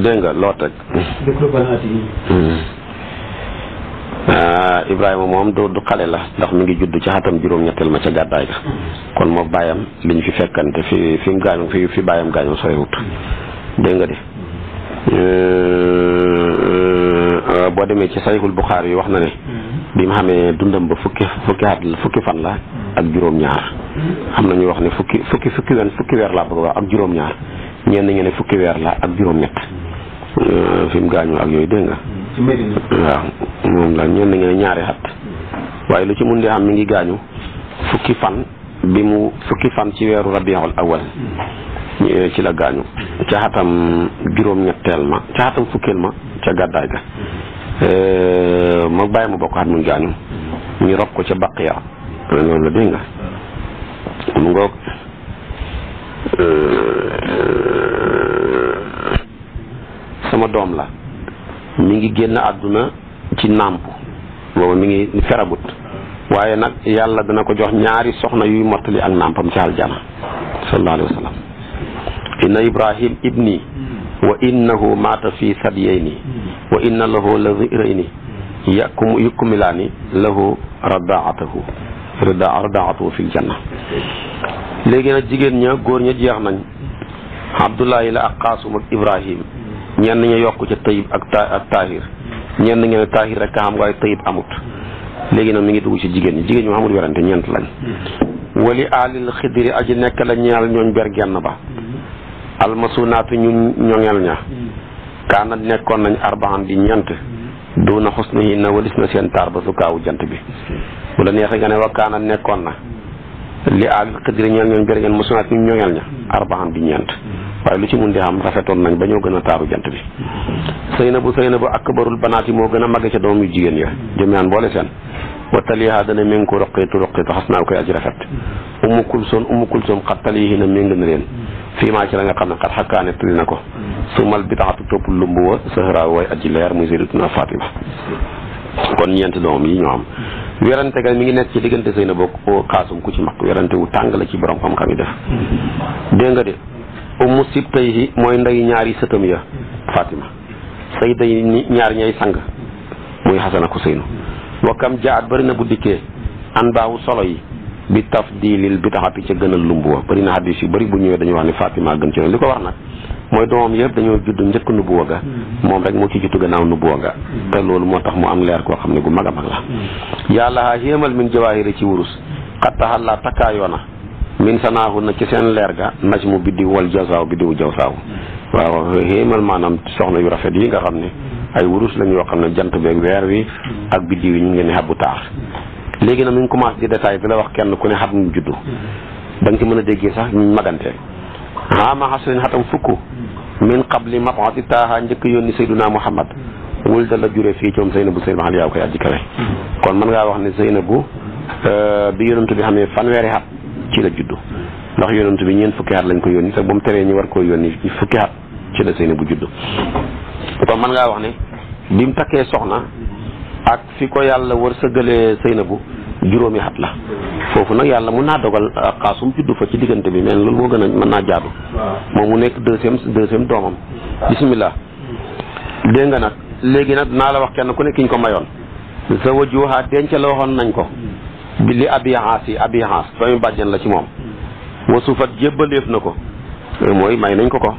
dégg nga loo teg Euh, Ibrahima moom du du xale la ndax mi ngi judd ci xatam juróom-ñetteel ma ca gàddaay ga kon moo bàyyam liñ fi fekkante fi fi mu gaañoo fi fi bàyyam gaañoo soriwut dégg nga de euh, euh, boo demee ci sayxul Buxaari yi wax na ne bi mu xamee dundam ba fukki fukki at fan la ak juróom-ñaar am na ñuy wax ni fukki fukki fukki wen fukki weer laa bëgg wax ak juróom-ñaar ñenn ñu fukki weer la ak juróom-ñett fi mu gaañoo ak yooyu dégg nga ci Medina. waaw moom la ñenn ñi ñaari at. waaye lu ci mun di xam mi ngi gaañu fukki fan bi mu fukki fan ci weeru rabiul awal ci la gaañu ca xatam juróom-ñetteel ma ca xatam fukkeel ma ca gàddaay ga euh, ma bàyyi mu bokk xat mu gaañu ngi rob ko ca baqiya loolu la dégg mu ngoog euh, sama doom la mi ngi génn àdduna ci nàmp booba mi ngi feragut waaye nag yàlla dana ko jox ñaari soxna yuy mottali ak nàmpam ci aljana sallallahu alayhi wa sallam inna ibrahim ibni wa innahu maata fi sadyayni wa inna lahu la zirayni yakum yukumilaani lahu radaatahu rada radaatahu fil janna léegi nag jigéen ña góor ña jeex nañ abdullahi la ak qaasim ak ibrahim ñenn ñu yokk ca tayib ak ta ak taahir ñenn ñeen ne taahir rek ka xam waaye tayib amut léegi nag mi ngi dugg ci jigéen ñi jigéen ñi amul werante ñeent lañ wali alil xidri aji nekk la ñeel ñooñ ber genn ba almasunaatu ñu ñoŋeel ña kaana nekkoon nañ arbaan di ñeent duuna na yi na walis na seen taar ba su jant bi bu la neexee nga nekkoon na li alil xidri ñeen ñooñ ber genn masunaatu ñu ñoŋeel ña arbaan di ñeent waaye lu ci mun di xam rafetoon nañ ba ñoo gën a taaru jant bi Seynabu Seynabu akbarul banaat yi moo gën a màgg ca doom yu jigéen ya jëmyaan boole seen wataliha dana méngi ko roqiitu roqiitu xas naa koy aji rafet umu soon umu kulsoon xat talihi na méng na leen fii maa ci la nga xam ne xat xakkaane tali na ko su mal bi taxatu topp lumb wa sahra way aji leer muy sayyidatuna Fatima kon ñeenti doom yi ñoo am werante ga mi ngi nekk ci diggante sëy na bokk xaasum ku ci mag werante wu tàng la ci borom xam-xam yi def dégg nga de ummu sibtayhi mooy ndeyu ñaari sëtam ya Fatima sayday ñaar ñay sang muy Xasan ak Useynu wa kam jaat bëri na bu dikkee an baawu solo yi bi tafdilil bidaxati ca gënal lumbuwa bëri na xadis yu bëri bu ñëwee dañuy wax ne Fatima gën ci li ko wax nag mooy doomam yëpp dañoo juddu njëkk nubuwa ga moom rek moo ci juddu gannaaw nubuwa ga te loolu moo tax mu am leer koo xam ne gu mag a mag la yàlla xéemal min jawaahiri ci wurus xattaxal la takkaayoona min sanaahu na ci seen leer ga naj mu biddiw wal jawsaaw biddiwu jawsaaw waaw xéemal maanaam soxna yu rafet yi nga xam ne ay wurus lañ yoo xam ne jant beeg weer wi ak biddiw yi ñu ngi ne bu taax léegi nag mi ngi commencé di détail bi wax kenn ku ne xam ñu juddu da nga ci mën a déggee sax ñu magante ama xasrin xatam fukk min qabli mabati taaha njëkk yónni sayduna muhammad wul da la jure fii coom Seynabu Seynabu xal yaa koy aji kawe kon mën ngaa wax ne Seynabu euh, bi yonent bi xamee fanweeri xat ci la juddu ndax yonent bi ñeen fukki at lañ ko yónni te ba mu teree ñu war koo yónni fukki at ci la bu juddu kon mën ngaa wax ne bi mu takkee soxna ak fi ko yàlla war sëgalee Seynabu juróomi at la foofu nag yàlla mun naa dogal ah, xaasum juddu fa ci diggante bi mais loolu moo gën a mën naa jaadu moom mu nekk deuxième deuxième doomam bismillah dégg nga nag léegi nag naa la wax kenn ku ne ko mayoon sa wajuha denc la waxoon nañ ko bi li abi xaas yi abi xaas doomi bàjjen la ci moom hmm. wasufat jébbaleef na ko mooy may nañ ko ko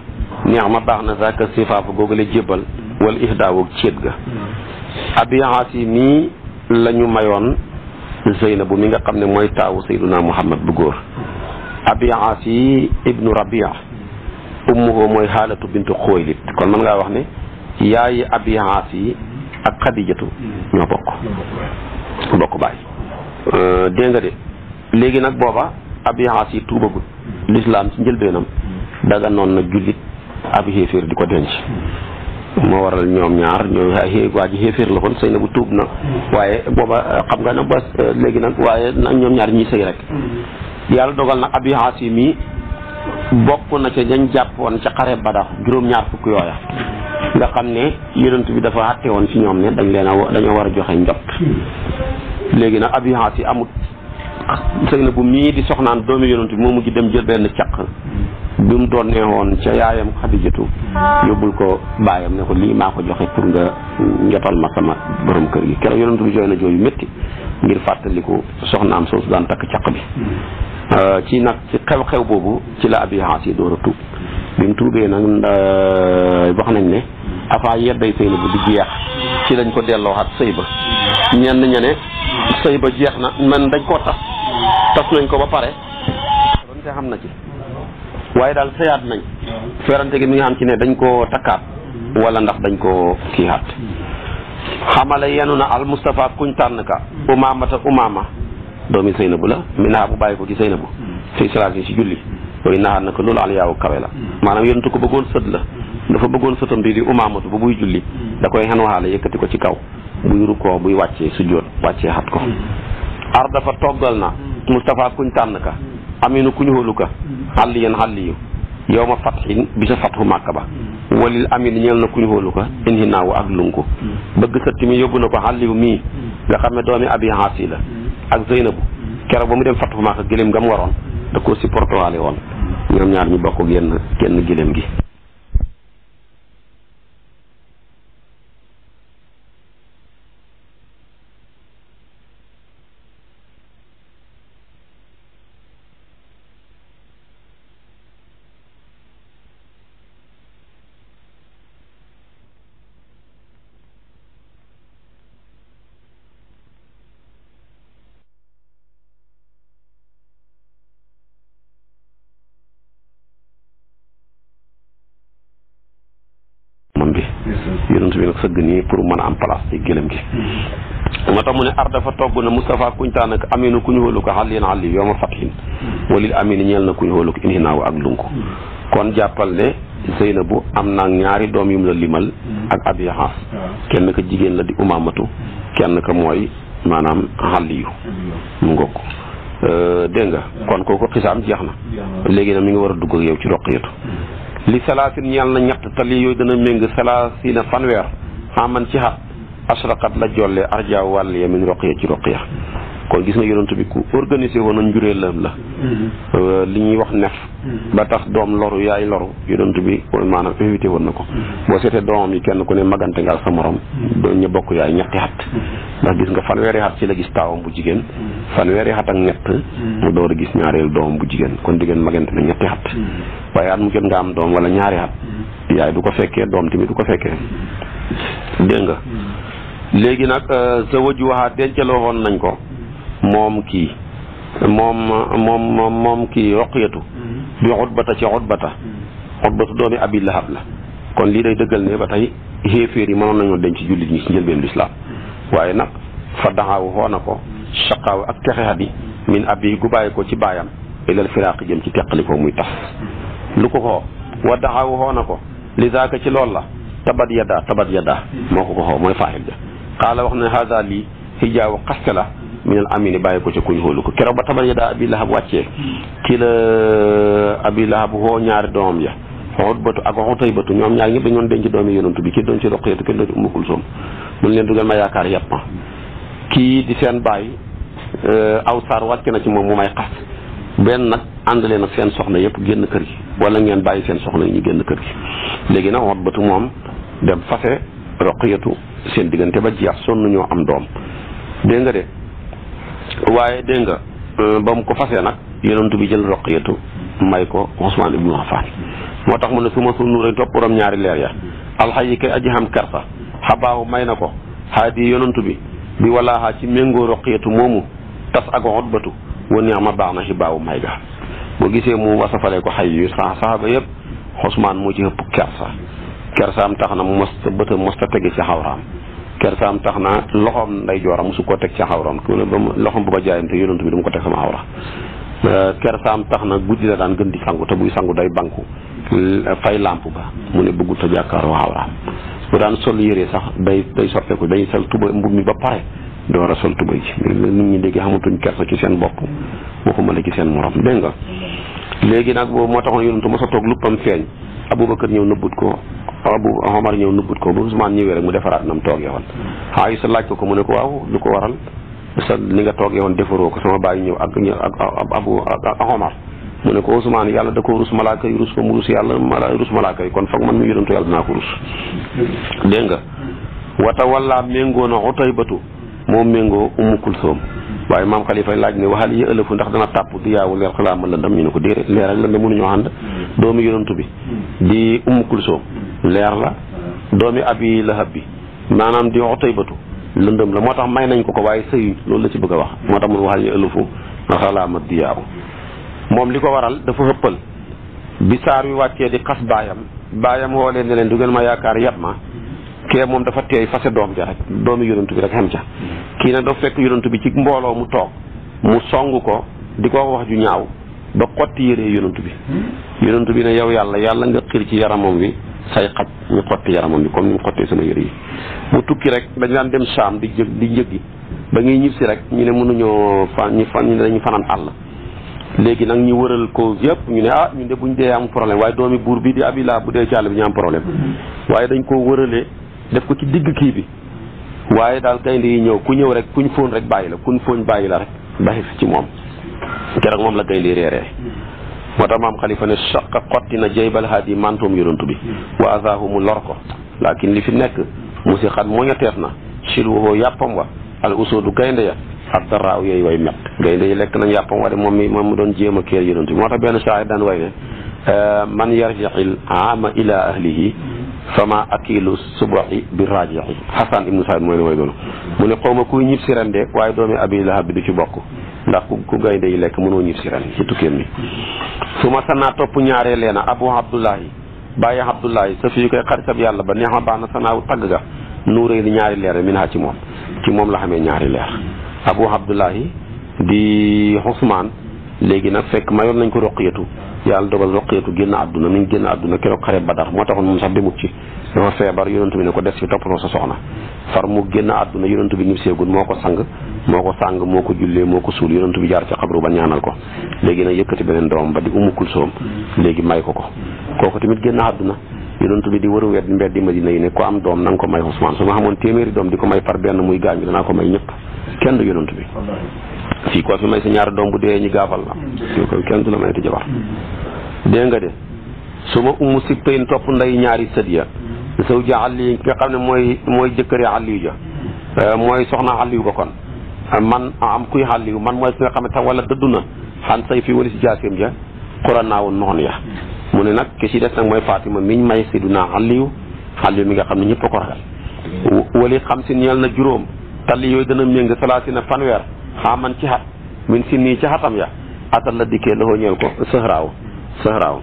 neex ma baax na saaka sifaafa googale jébbal hmm. wala ihdaawoog céet ga hmm. abi xaas yi nii la ñu mayoon Zeynabu mi nga xam ne mooy taawu sayduna Muhammad bu góor abi xaas yi ibnu rabia ummuhu mooy xaalatu bintu xóoylit kon mën ngaa wax ne yaayi abi xaas yi ak xadijatu ñoo bokk bokk baay Euh, dégg nga de léegi nag booba abiyaas yi tuubagul lislaam ci njëlbeenam daga noon nag jullit ab xéeféer di ko denc moo waral ñoom ñaar ñooy xé waa ji la kon sëy na bu tuub na waaye booba euh, xam nga nag ba euh, léegi nag waaye nag ñoom ñaar ñi sëy rek yàlla dogal nag abiyaas yi mii bokk na ca ñañ jàppoon ca xare badar juróom-ñaar fukk yooya nga xam ne yonent bi dafa àtte woon ci ñoom ne dañ leen a dañoo war a joxe njot léegi nag ab aviance yi amut sëy na bu mii di soxnaan doomi yonent bi mu mujj dem jël benn caq bi mu doon nee woon ca yaayam xadijatu yóbbul ko baayam ne ko lii maa ko joxe pour nga njotal ma sama borom kër gi keroog yonent bi jooy na jooyu metti ngir fàttaliku soxnaam soosu daan takk caq bi euh, ci nag ci xew-xew boobu ci la aviance yi door a tuub bi mu tuubee nag euh, wax nañ ne avant yedday sëy na bu di jeex ci lañ ko delloowaat sëy ba ñenn ña ne sëy ba jeex na man dañ koo tas tas nañ ko ba pare donte xam na ci waaye daal sëyaat nañ ferante gi mi nga xam ci ne dañ koo takkaat wala ndax dañ koo kiihaat xamale yenu na al Mustafa kuñ tànn ka umaamata umaama doomi sëy na bu la mi naa bu bàyyi ko ci sëy na bu fi salaat yi ci julli way naxaar na ko loolu al yaawu kawe la maanaam tu ko bëggoon sët la dafa bëggoon sëtam bi di umaamatu ba buy julli da koy xen waxaale yëkkati ko ci kaw buy rukkoo buy wàccee sujjóot wàccee xat ko ar dafa toggal na Moustapha kuñ tànn ka aminu kuñ xóolu ka xàlli yéen xàlli yow ma fatxin bi sa fatxu màkk ba walil amin ñeel na kuñ xóolu ka inhi naawu ak lunku bëgg sëtt mi yóbbu na ko xàlli mii nga xam ne doomi abi haasi la ak zeynabu keroog ba mu dem fatxu màkk gëléem nga mu da ko supporté waale woon mm. ñoom ñaar ñu bokk génn génn giléem gi sëgg nii pour mën a am place ci gëlëm gi moo tax mu ne ar dafa togg na Moustapha kuñtaan ak aminu ku ñu xóolu ko xal yéen xal yi yow ma fatxin walil ñeel na ku ñu xóolu ko inhinaaw ak lunk kon jàppal ne bu am naa ñaari doom yu mu la limal ak abi kenn ka jigéen la di umaamatu kenn ka mooy maanaam xàll yu mu ngokk euh, dégg kon kooku xisaam jeex na léegi nag mi ngi war a dugg ak yow ci roq yëtu li salaasin ñeel na ñett tali yooyu aman ci xat asraqat la jolle arjaaw wàll ya min roqiya ci roqiya kon gis nga yonent bi ku organisé woon a njureelam la mm-hmm. euh, li ñuy wax nef mm-hmm. ba tax doom loru yaay loru yonent bi maanaam invité woon na ko mm-hmm. boo seetee doomam yi kenn ku ne magante nga ak sa morom doon ñu bokk yaay ñetti at nga fanweeri at ci la gis taawam bu jigéen fanweeri at ak ñett gis ñaareel doomam bu jigéen kon diggéen magante na ñetti at waaye at mu jot nga am doom wala ñaari at yaay du ko fekkee doom tamit du ko fekkee dégg nga léegi nag euh, sa wëju waxaat denceloo nañ ko moom kii moom moom moom moom kii roqiyatu mm-hmm. bi xutbata ci xutbata xutbatu mm-hmm. doomi abi lahab la kon lii day dëggal ne ba tey xéeféer yi mënoon nañoo denc jullit ñi ci njëlbeenu lislaam mm-hmm. waaye nag fa daxaawu xoo na ko saqaawu ak texexat yi min abi gu ko ci baayam ilal firaaq jëm ci teqalikoo muy taf lu ko xoo wa daxaawu xoo na ko li zaaka ci lool la tabat yaddaa tabat yaddaa moo ko ko xoo mooy faaxil ja xaala wax ne haada lii hijaawu xaste la minal amini bàyyi ko ca kuñ xóolu ko keroog ba tabar ya daa abi lahab wàccee kii la euh, abi lahab xoo ñaari doom ya waxut bëtu ak waxut tay ñoom ñaar ñëpp dañu doon denc doomi yonantu bi kii doon ci roqeetu kenn doon ci umukul soom mun leen dugal ma yaakaar yàpp kii di seen baay euh, aw saar wàcc na ci moom mu may xas benn nag ànd leen ak seen soxna yëpp génn kër gi wala ngeen bàyyi seen soxna yi ñu génn kër gi léegi na waxut bëtu moom dem fase roqeetu seen diggante ba jeex sonn ñoo am doom dégg nga waaye dégg nga euh, ba mu ko fasee nag yonent bi jël Ruqayyatu may ko Usmaan ibnu Affaan moo tax mu ne su ma sunu nuuree topp ñaari leer ya alxayi kay aji xam kersa xabaahu may na ko xaadi yonent bi bi walaaha ci méngoo moomu tas ak bëtu wa neex ma baax na xibaawu may ga boo gisee mu wasafalee ko xay yu sax saxaaba yëpp Usmaan moo ci ëpp kersa am tax na mu mos bëtam mos a tege ci xawraam kersaam tax na loxoom nday jooram su koo teg ci xawram ku ne ba mu loxoom bu ma jaayam te yonent bi dama ko teg sama xawra euh, kersaam tax na guddi la daan gën di sangu te buy sangu day banku fay làmp ba mu ne bëggut a jàkkaaroo xawraam bu daan sol yére sax day day soppeeku day sol tuba mbub mi ba pare door a sol tuba ji nit ñi léegi xamatuñ kersa ci seen bopp waxuma a ci seen morom dégg nga léegi nag boobu moo taxoon yonent mos toog luppam feeñ Aboubacar ñëw nëbbut ko Abu Omar ñëw nëbbut ko bu Ousmane ñëwee rek mu defaraat na mu toogee woon sa laaj ko ko mu ne ko waaw lu ko waral sa li nga toogee woon defaroo ko sama bàyyi ñëw ak ak Abu ak Omar mu ne ko Ousmane yàlla da ko rus malaaka yi rus ko mu rus yàlla mala rus malaaka yi kon foog man mi yonentu yàlla dinaa ko rus dégg wata walla méngoo na Utaybatu moom méngoo Umu Kulsoom waaye maam xalifa laaj ne waxal yi ëllëfu ndax dana tàpp di yaawu leer xalaama lëndam ñu ne ko déedéet leer ak lëndam mënuñoo ànd doomi yonantu bi di umm leer la doomi abi lahab bi maanaam di otaybatu lëndëm la moo tax may nañ ko ko waaye sëyuñ loolu la ci bëgg a wax moo tax mun waxal yi ëllëfu ma di yaawu moom li ko waral dafa hëppal bi saar wi wàccee di xas baayam baayam woo leen ne leen du ngeen ma yaakaar yat ma kee moom dafa teey fase doom ja rek doomi yonantu bi rek xam ja kii nag dafa fekk yonantu bi ci mbooloo mu toog mu song ko di koo wax ju ñaaw ba xotti yére yonantu bi yonantu bi ne yow yàlla yàlla nga xir ci yaramam wi say xaj ñu xotti yaramam bi comme ni mu xottee sama yëre yi mu tukki rek dañ daan dem saam di jëg di njëggi ba ngay ñib si rek ñu ne mënuñoo fan ñu fan ñu ne dañu fanaan àll léegi nag ñu wëral ko yëpp ñu ne ah ñu ne buñ dee am problème waaye doomi buur bi di abila bu dee ci àll bi am problème mm-hmm. waaye def ko ci digg kii bi waaye daal gaynde yi ñëw ku ñëw rek kuñ fóon rek bàyyi la kuñ fóon bàyyi la rek baxi ci moom keroog moom la gaynde yi reeree moo tax maam xalifa ne saqa xotti na jaybal haadi mantoom yonantu bi wa azaahu mu lor ko laakin li fi nekk musi xan moñateef na silwahoo yàppam wa al du gaynde ya ak daraaw yooyu way met gaynde yi lekk nañ yàppam wa de moom mi moom mu doon jéem a kéer yonantu bi moo tax benn saay daan way ne man yarjiil ama ila ahlihi fama akilu subaxi bi raajixi xasan ibnu saad mooy ne mooy loolu mu ne xaw ma kuy ñib si ren de waaye doomi abi lahab bi du ci bokk ndax ku ku gaynde yi lekk mënoo ñib si ren ci tukkeem bi su ma sanaa topp ñaaree leena abu abdullahi bàyyi abdullahi sa fi koy xaritab yàlla ba neex ma baax na sanaaw tagg ga nuuree ni ñaari leer min ha ci moom ci moom la xamee ñaari leer abu abdullahi di xusmaan léegi nag fekk mayoon nañ ko roq roqiyatu yàlla dogal roqeetu génn àdduna mi ngi génn àdduna keroog xare badar moo taxoon moom sax demut ci dafa feebar yonentu bi ne ko des fi toppatoo sa soxna far mu génn àdduna yonentu bi ñib moo ko sang moo ko sàng moo ko jullee moo ko suul yonentu bi jaar ci xabru ba ñaanal ko léegi nag yëkkati beneen doom ba di umukul soom léegi may ko ko kooku tamit génn àdduna yonent bi di wër wet mbeddi Madina yi ne ku am doom na nga ko may Ousmane su ma xamoon téeméeri doom di ko may par benn muy gaañu danaa ko may ñëpp kenn du yonent bi fii koo fi may sa ñaari doom bu dee ñu gaafal la yo ko kenn du la may te jabar dégg nga de su ma umu topp nday ñaari sët ya sow ji àll nga xam ne mooy mooy jëkkëri àll yu ja euh, mooy soxna àll yu ko kon man am kuy àll yu man mooy ki nga xam ne tax wala dëddu na xan say fii wala si jaasim ja xuranaawu noon mu ne nag ki ci def nag mooy Fatima miñ may Siduna Aliyu Aliyu mi nga xam ne ñëpp a ko ragal wali xam si ñeel na juróom talli yooyu dana méng salaasi na fanweer xaaman ci xat min si nii ci xatam ya atal la dikkee loxoo ñeel ko sëhraaw sëhraaw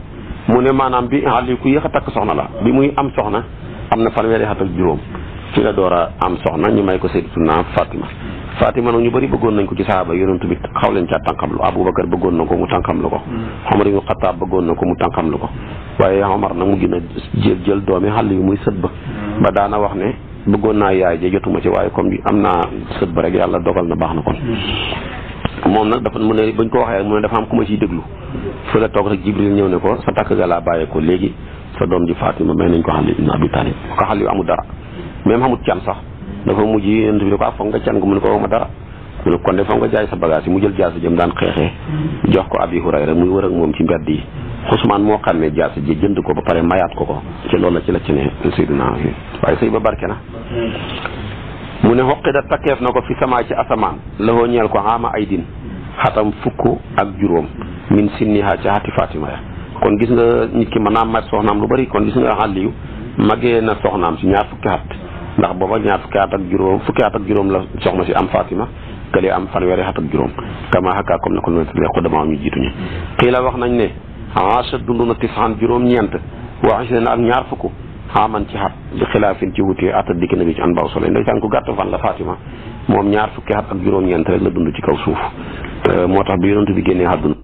mu ne maanaam bi Aliyu ku yéex a takk soxna la bi muy am soxna am na fanweeri xat ak juróom ci la door a am soxna ñu may ko Siduna Fatima Fatima nag ñu bari bëggoon nañ ko ci saaba yonent bi xaw leen caa tànqamlu Aboubacar bëggoon na ko mu tànqamlu ko. Hmm. Omar ibn bëggoon na ko mu tànqamlu ko. xam Omar nag mu gën a jël jël doomi xàll yu muy sët ba. Hmm. ba daana wax ne bëggoon naa yaay ja ci waaye comme am naa rek yàlla dogal na baax na kon. Hmm. moom nag dafa mu ne bañ ko waxee mu ne dafa am ku ma ciy déglu. fu la toog rek Jibril ñëw ne ko sa takk ga laa bàyyee ko léegi sa doom ji Fatima may nañ ko Xali ibn Abi Talib ko Xali amul dara même amul can sax. dafa mujj yonent bi ne ko ah foog nga càng mu ne ko ma dara mu ne kon de foog nga jaay sa bagage yi mu jël jaas jëm daan xeexee jox ko Abi Hurayra muy wër ak moom ci mbedd yi Usmaan moo xam ne jaas ji jënd ko ba pare mayaat ko ko ci loolu la ci la ci ne Seydina waaye sëy ba barke na mu ne xoqi da takkeef na ko fi sama ci asamaan lahoo ñeel ko ama ay din xatam fukk ak juróom min sinniha ci xati Fatima ya kon gis nga nit ki mën naa mat soxnaam lu bari kon gis nga xàlliyu magee na soxnaam si ñaar ndax booba ñaar fukki at ak juróom fukki at ak juróom la soxna si am Fatima kële am fanweeri at ak juróom kama xakkaa comme ne ko noonu ko dama ñu jiituñu la wax nañ ne Aïcha dund na tisaan juróom-ñeent waa Aïcha na ak ñaar fukk aman ci xat bi xilaafin ci wutee at dikk na bi ci an baw solo ndeysaan ku gàtt fan la Fatima moom ñaar fukki at ak juróom-ñeent rek la dund ci kaw suuf euh, moo tax bi yonent bi génnee àdduna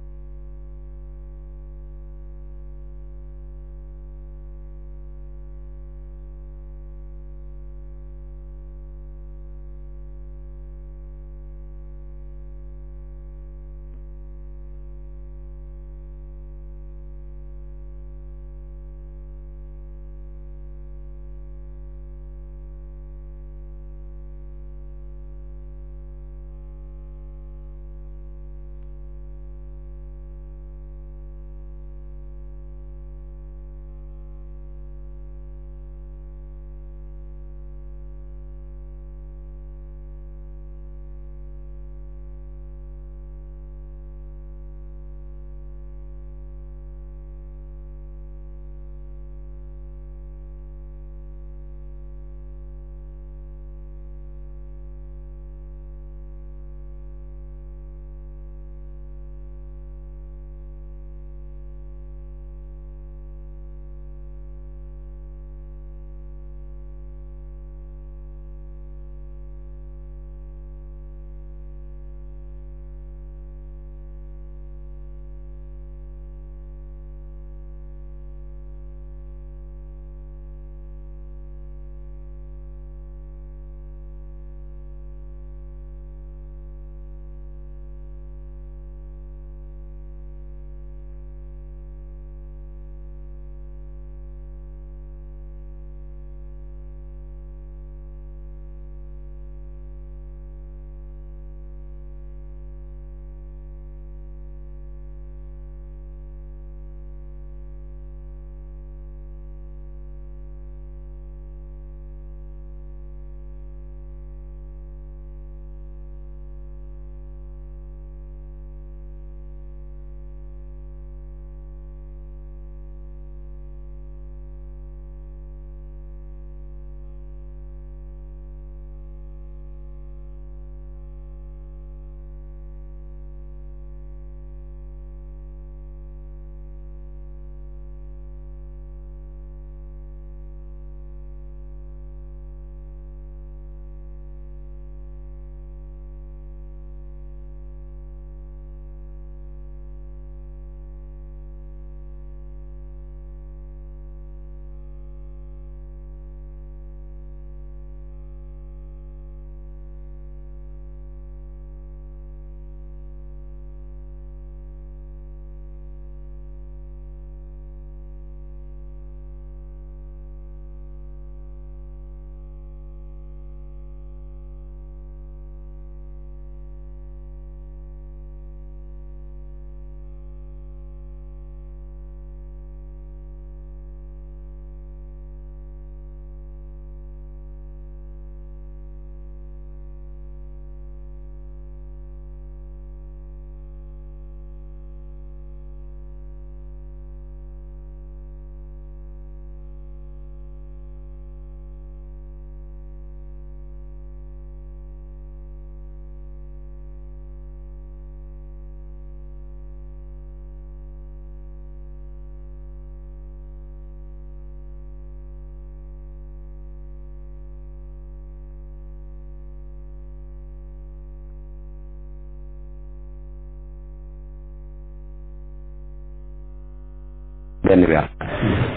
benn weer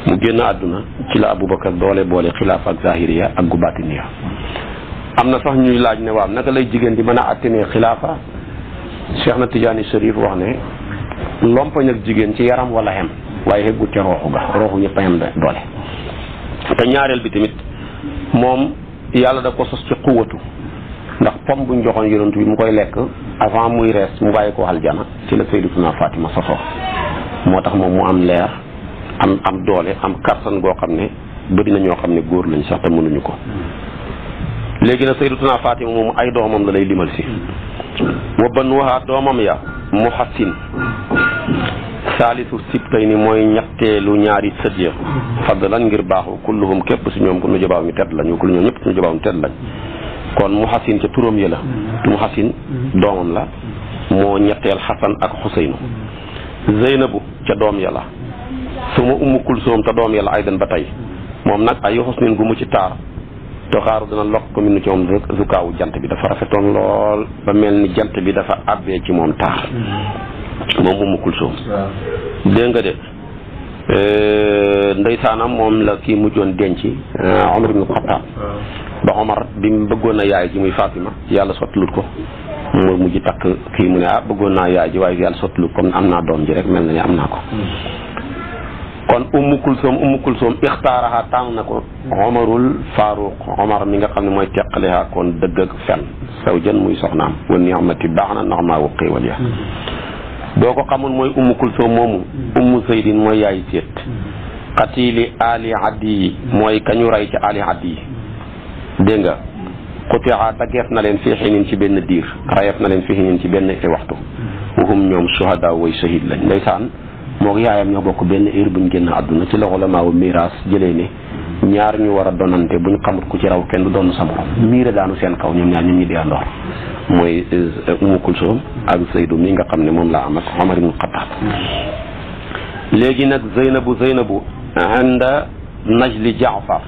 mu génn àdduna ci la Aboubacar doole boole xilaafa ak zahiriya ak gu batiniya am na sax ñuy laaj ne waaw naka lay jigéen di mën a attinee xilaafa Cheikh na Tidiane Chérif wax ne lompañ ak jigéen ci yaram wala xem waaye xeggut ca rooxu ga rooxu ñëpp xem doole te ñaareel bi tamit moom yàlla da ko sos ci xuwatu ndax pom buñ joxoon yonent bi mu koy lekk avant muy rees mu bàyyi ko aljana ci la Sayyidatuna Fatima sosoo moo tax moom mu am leer am am doole am kartan goo xam ne bëri na ñoo xam ne góor lañ sax te mënuñu ko léegi nag sayyidatuna Fatima moom ay doomam la lay limal si wa banuha doomam ya muhassin saalisu sibtay ni mooy ñetteelu ñaari sët ya fadlan ngir baaxu kulluhum képp si ñoom ku nu jabaaw ñu tedd lañ wa kullu ñoom ñëpp ku nu jabaaw ñu tedd lañ kon muhassin ca turam ya la muhassin doomam la moo ñetteel xasan ak xuseynu zeynabu ca doom ya la su ma ummu kulsoom te doom yàlla aydan ba tey moom nag ay xusnin gu mu ci taar te xaaru dana lokk ko minu ci moom jant bi dafa rafetoon lool ba mel ni jant bi dafa àbbee ci moom taar moom ummu kulsoom dégg nga de ndeysaanam moom la kii mujjoon denc Omar ibn Xattaab ba Omar bi mu bëggoon a yaay ji muy yàlla sottilut ko mu mujj takk kii mu ne ah bëggoon naa yaay ji waaye yàlla sottilut comme am naa doom ji rek mel na ne am naa ko hmm. kon ummu kulsoom ummu kulsoom ixtaaraha tànn na ko omarul faruq omar mi nga xam ne mooy teqaliha kon dëgg ak fen saw jën muy soxnaam wa ni'mati baax na ndax maa wuqi wal ya doo ko xamoon mooy ummu kulsoom moomu ummu saydin mooy yaay séet xatiili ali addi yi mooy kañu rey ci ali addi yi dégg nga xutiaa daggeef na leen fii xinin ci benn diir reyeef na leen fii xinin ci benn waxtu waxum ñoom suhadaa way shahid lañ ndeysaan moog yaayam ñoo bokk benn bu heure buñ génn àdduna ci la ulamaa wu miraas jëlee ne ñaar ñu war a donante buñ xamut ku ci raw kenn du doon sa morom miire daanu seen kaw ñoom ñaar ñoom ñi dee ndox mooy euh, Umu Kulsoom ak Zeydu mi nga xam ne moom laa am ak Omar ibn Xattaab léegi nag Zeynabu Zeynabu ànda najli Jaafar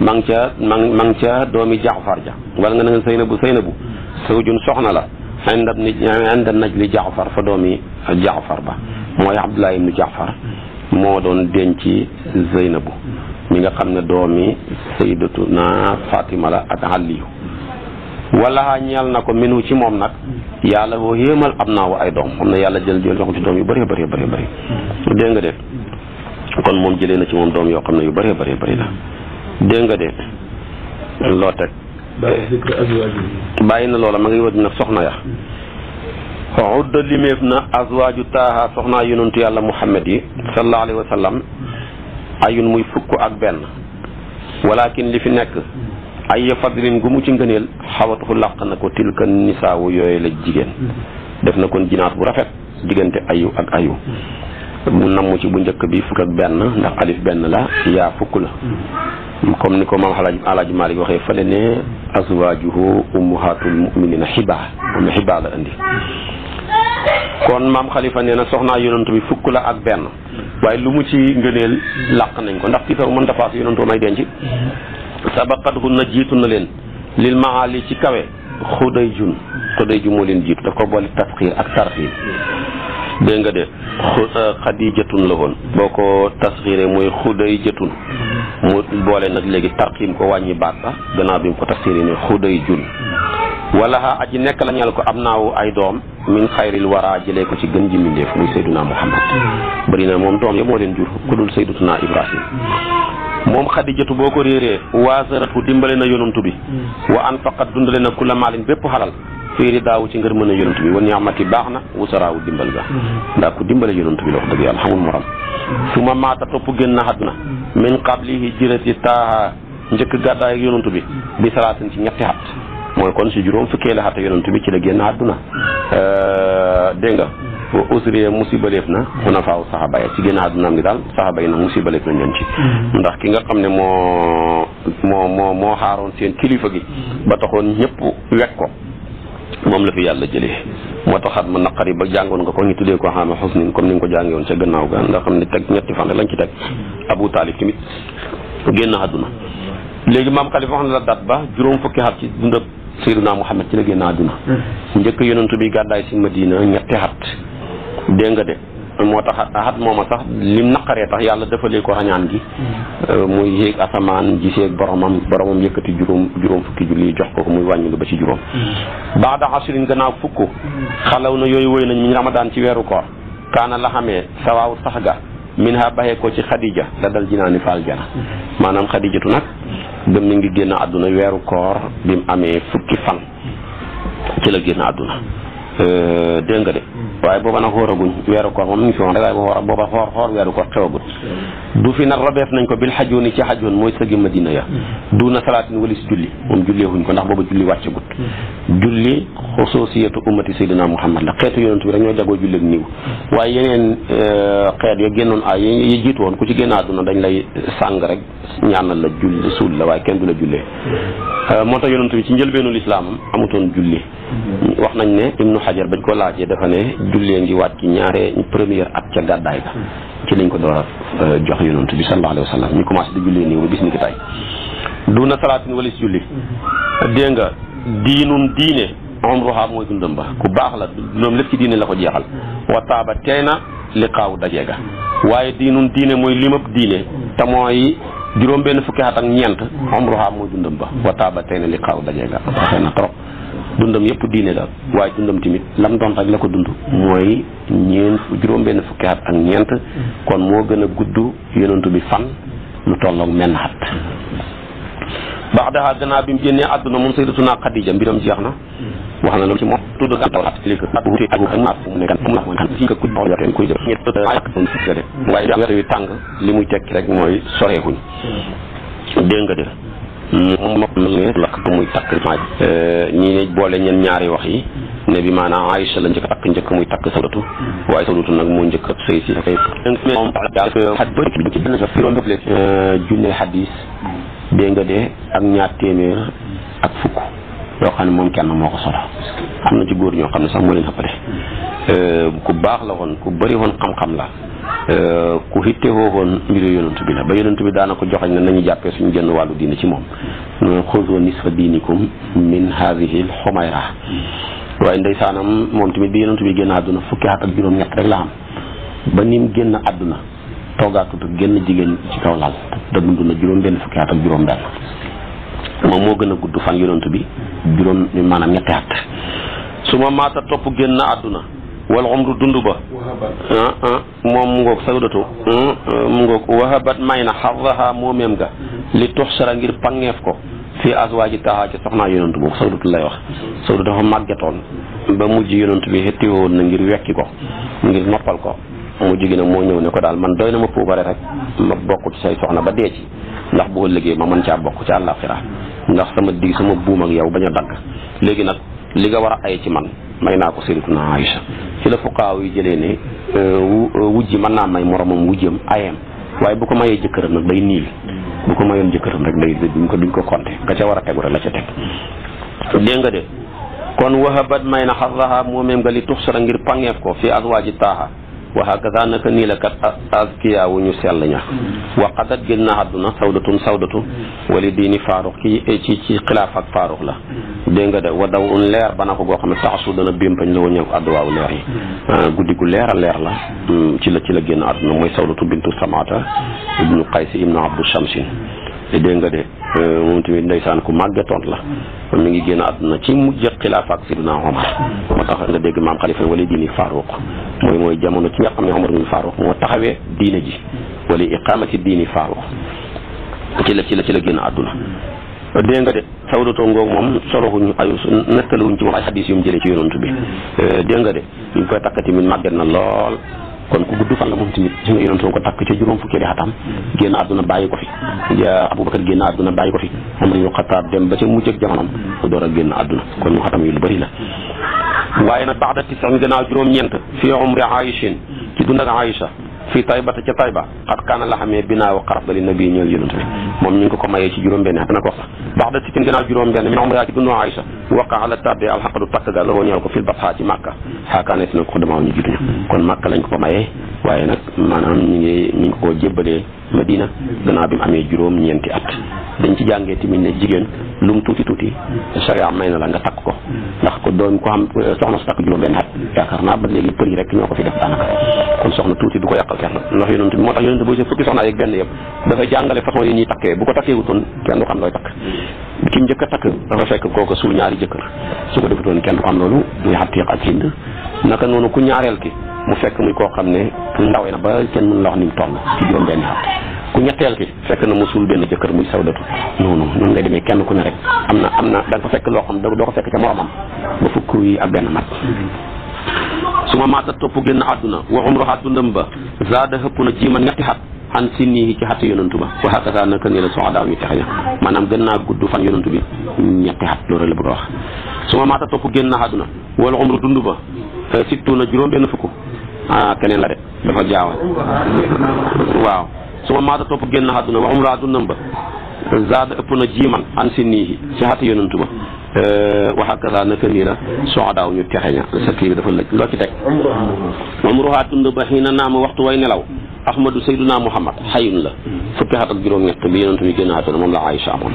ma ngi ca ma ma ngi ca doomi Jaafar ja wala nga ne Zeynabu Zeynabu sawjun soxna la ànda ànda najli Jaafar fa doomi Jaafar ba mooy Abdullah ibnu Jaafar moo doon denc Zeynabu mi nga xam ne doomi saydatu na Fatima la ak Aliyu wala ñeel na ko wu ci moom nag yàlla boo yéemal am naa wa ay doom xam ne yàlla jël jël jox ci doom yu bëree bëree bëri bëri dégg nga de kon moom jëlee na ci moom doom yoo xam ne yu bëree bëree bëri la dégg nga de loo teg bàyyi na loola ma ngi wër nag soxna ya udda limeef na azwaaju taaha soxnaa yonentu yàlla muhammad yi sallallahu alayhi ayun muy fukk ak benn walakin li fi nekk ay fadlin gu mu ci ngëneel xawatuxu làq na ko tilka nisaawu yooyu la jigéen def na kon jinaas bu rafet diggante ayu ak ayu mu namm ci bu njëkk bi fukk ak benn ndax alif benn la yaa fukk la comme ni ko maam alaaj Maalik waxee fële ne azwaajuhu ummahatul muminina xibaa moom xibaa la indi kon maam xalifa nee na soxnaa yonantu bi fukk la ak benn waaye lu mu ci ngëneel làq nañ ko ndax tiitaru mën dafaas yonantu may denc sabaqat hun na jiitu na leen lil maali ci kawe xuday jun xuday ju moo leen jiitu daf ko boole tasxiir ak tarxiir dégg nga de euh, xadijatun la woon boo ko tasxiiree mooy xuday jëtun mu boole nag léegi tarxiim ko wàññi baat ba gannaaw bi mu ko tasxiiree ne xuday jun wala xa aji nekk la ñeel ko am naawu ay doom min xayril wara jëlee ko ci gën ji mbindéef muy sayduna muhammad bëri na moom doom ya moo leen jur ku dul saydatuna ibrahim moom xadijatu boo ko réeree waasaratu dimbale na yonantu bi wa an faqat dundale na kula maalin bépp xalal fii daawu ci ngër mën a yonantu bi wa niamati baax na wasaraawu dimbal ga ndax ku dimbale yonantu bi la wax dëgg yàlla xamul morom su ma maata topp génn na àdduna na qablihi jirati taaha njëkk gàddaay ak yonantu bi bi salaatin ci ñetti mooy kon si juróom fukkee la xata yonent bi ci la génn àdduna euh, dégg nga wa usree musibaleef na ku na faaw saxaba ya ci génn àddunaam gi daal saxaba yi nag musibaleef na ñoom ci mm-hmm. ndax ki nga xam ne moo moo moo moo xaaroon seen kilifa gi ba taxoon ñëpp wekk ko moom yàlla jëlee moo taxaat ma naqari ba jàngoon nga ko ñu tuddee ko xaama xusnin comme ni nga ko jàngee woon ca gannaaw ga nga xam ne teg ñetti fan lañ ci teg mm-hmm. Abu Taalib génn àdduna léegi maam Xalifa wax na la dat ba juróom fukki xat ci dundab Seydunaa Muhammad ci la génn àdduna mm-hmm. njëkk yonantu bi gàddaay si Madina ñetti at dégg nga de moo tax at mooma sax lim naqaree tax yàlla defalee ko rañaan gi mm-hmm. euh, muy yéeg asamaan gisee boromam boromam yëkkati juróom juróom fukki julli jox ko ko muy wàññi ba ci juróom mm-hmm. baada asirin gannaaw fukk xalaw na yooyu woy nañ miñ ramadaan ci weeru koor kaana la xamee sawaaw sax ga min ha baxee ko ci xadija la dal jinaani faal jana maanaam xadijatu nag ba mi ngi génn àdduna weeru koor bi mu amee fukki fan ci la génn àdduna euh, dégg de waaye booba nag xóoraguñ weeru koor moom ñu ngi fi woon rek waaye booba booba xoor xoor weeru koor xewagul mm. du fi nag robeef nañ ko bil xajooni ci xajoon mooy sëgi madina ya mm. du na salaatin walis julli moom ko ndax booba julli wàccagut mm. julli xusuusiyatu ummati sayyidina muhammad la xeetu yonent bi rek ñoo jagoo julleeg niiw waaye yeneen euh, xeet ya génnoon a yi jiitu woon ci génn àdduna dañ lay sàng rek ñaanal la julli suul la waaye kenn du la jullee euh, moo tax yonent bi ci njëlbeenul islaamam amutoon julli wax nañ ne ibnu xajar bañ ko laajee dafa ne jullee ngi waat ki ñaare première ak ca gàddaay ga ci lañ ko door a euh, jox yonent bi sallallahu alayhi wa sallam ñu commencé di jullee nii ba bis ni ki tey duna salaatin walis julli dégg nga diinun diine umruha mooy dundam ba ku baax la dundam lépp ci diine la ko jeexal wa taaba tey na li xaaw dajee ga waaye diinun diine mooy limab diine te mooy juróom benn fukki at ak ñeent umruha mooy dundam ba wa taaba tey na li xaaw dajee ga rafet na dundam yëpp diine la waaye dundam tamit lam doon rek la ko dund mooy ñeent juróom benn fukki at ak ñeent kon moo gën a gudd yonentu bi fan lu tolloog menn xat baxdaha gannaaw bi mu génnee àdduna moom sayyidatuna Xadija mbiram jeex na wax na loolu ci moom tudd ka taw at léegi ak wuute mu nekk mu ko ku taw yaten waaye weer wi tàng li muy tekki rek mooy soreekuñ dégg nga moom nopp lu ñu lakk muy takk euh, ñii ne boole ñen ñaari wax yi ne bi maanaam Aïcha la njëkk njëkk muy takk sawdatu waaye sawdatu nag moo njëkk ab sëy si kay euh, junne xadis dégg nga de ak ñaar téeméer ak fukk yoo xam ne moom kenn moo ko solo am na ci góor ñoo xam ne sax moo leen xëppale euh, ku baax la woon ku bari woon xam-xam la ku hitte hoohoon mbiru yonent bi la ba yonent bi daana ko joxañ na nañu jàppee suñu genn wàllu diine ci moom noonu xosoo nisfa diinikum min haadihi xumayra waaye ndeysaanam moom tamit bi yonent bi génn àdduna fukki at ak juróom ñett rek la am ba ni génn àdduna toogaatut ak génn jigéen ci kaw laal te dund na juróom benn fukki at ak juróom benn moom moo gën a gudd fan yonent bi juróom maanaam ñetti at su ma maata topp génn àdduna wal umru dund ba ah, ah, moom mu ngoog sawdatu hmm, ah, mu ngoog wahabat may na xaw xarraha moomeem ga li tuxsara ngir pangeef ko fii aswaaji tahaa ci soxnaa yonent boobu sawdatu lay wax sawdatu dafa màggetoon ba mujj yonent bi woon na ngir wekki ko ngir noppal ko mu jigéen nag moo ñëw ne ko daal man doy na ma puubare rek ma bokk say soxna ba dee ci ndax boo liggéey ma mën caa bokk ci àllaaxira ndax sama digg sama buum ak yow bañ a dagg léegi nag li nga war a ay ci man may naa ko Sayyidatuna Aïcha ci la fuqaaw yi jëlee ne euh, euh, wujji man naa may moromam wujjam ayam waaye bu ko mayee jëkkëram nag day niil bu ko mayoon jëkkëram rek day duñ ko duñ ko compter nga ca war a tegu rek la ca teg dégg nga de kon wahabat may na xarraha moomeem nga li tux sara ngir pangeef ko fi azwaaji taaha waxaakasa naka nii la kat askiyaawu ñu sell ña mm. waqadat génn na àdduna sawdatun sawdatu mm. wali diini faaruq ci ci ci xilaaf ak faaruq la mm. dégg nga de wa daw un leer bana ko goo xam ne taxasu dana bimpañ la waññeeku adduwaawu leer yi ah, guddi gu leer a leer la ci la ci la génn àdduna mooy sawdatu bintu samaata ibnu qaysi ibnu abdu shamsin dégg nga de Euh, moom tamit ndeysaan ku màggetoon la mi ngi génn àdduna ci mujj xilaaf ak sidina Omar moo tax nga dégg maam xalifa wala diini Faruq mooy mooy jamono ci nga xam ne Omar bin Faruq moo taxawee diine ji wala iqaamati diini Faruq ci la ci la ci la génn àdduna dégg nga de sawdatoo ngoog moom soroxuñu ay nettaluñ ci moom ay xadis yu mu jëlee ci yonantu bi euh, dégg nga de ñu koy takkati min màgget na lool kon ku gudd fan la moom tamit gis nga yonent ko takk ca juróom fukki atam génn àdduna bàyyi ko fi Aboubacar génn àdduna bàyyi ko fi Omar ibn Xattaab dem ba ca mujj ak jamonom mu door a génn àdduna kon mu xatam yu lu bëri la waaye nag baax da tisin gannaaw juróom-ñeent fi umri Aïcha ci dund ak fii taybata ca tayba xat kaana la binaa wa xarab dali nabi ñeel yonent moom ñu ko ko ci juróom benn at dana ko wax juróom benn mi na umriyaa ci dundu Aïsa waqa ala tardé alxaqadu takk ga la woo ñeel ko fil basxaa ci màkka xaakaane si na ko damaa ñu jiituñu kon màkka lañ ko ko mayee waaye nag maanaam amee juróom dañ ci jàngee tamit ne jigéen lu mu tuuti tuuti sariya may na la nga takk ko ndax ko doon ko xam euh, soxna su takk juróom benn at yaakaar naa ba léegi për yi rek ñoo ko fi def daanaka kon soxna tuuti du ko yàqal kenn ndax yonent bi moo tax boo see fukki soxnaa yeeg benn yëpp dafay jàngale façon bu ko takkee wutoon kenn du xam looy takk kim takk dafa fekk kooku suul ñaari jëkkër su ko defutoon kenn du xam loolu muy xattiiq ak hind naka noonu ku ñaareel ki mu fekk muy koo xam ne ndawe na ba kenn mën la wax ni mu toll ci benn at ku ñetteel ki fekk na musul benn jëkkër muy sawdatu non non noonu ngay demee kenn ku ne rek am na am ko da fekk loo xam doo ko fekk ca moromam ba fukk yi ak benn mat su ma maatat topp génn àdduna wa umruha dundam ba zaada xëpp ci man ñetti xat xan sinnihi ci xat yonantu ba wa hakasa naka ni la soxadaaw ñu texe ña maanaam gën naa gudd fan yonantu bi ñetti xat la bëgg a wax su ma maata topp génn àdduna wala umru dund ba sittu na juróom benn fukk ah keneen la de dafa jaawa waaw suma maata topp génn àdduna wa umraatu nëmba zaada ëpp na jiiman an si nii si xati yonantu ba euh, wax ak saa naka niira soo daaw ñu texe ña sa kii bi dafa lëj loo ci teg moom ruxaa tund ba xii na naama waxtu way nelaw ahmadou sayduna muhammad xayun la fukki xat ak juróom-ñett bi yonantu bi génn àdduna moom la Aïcha amoon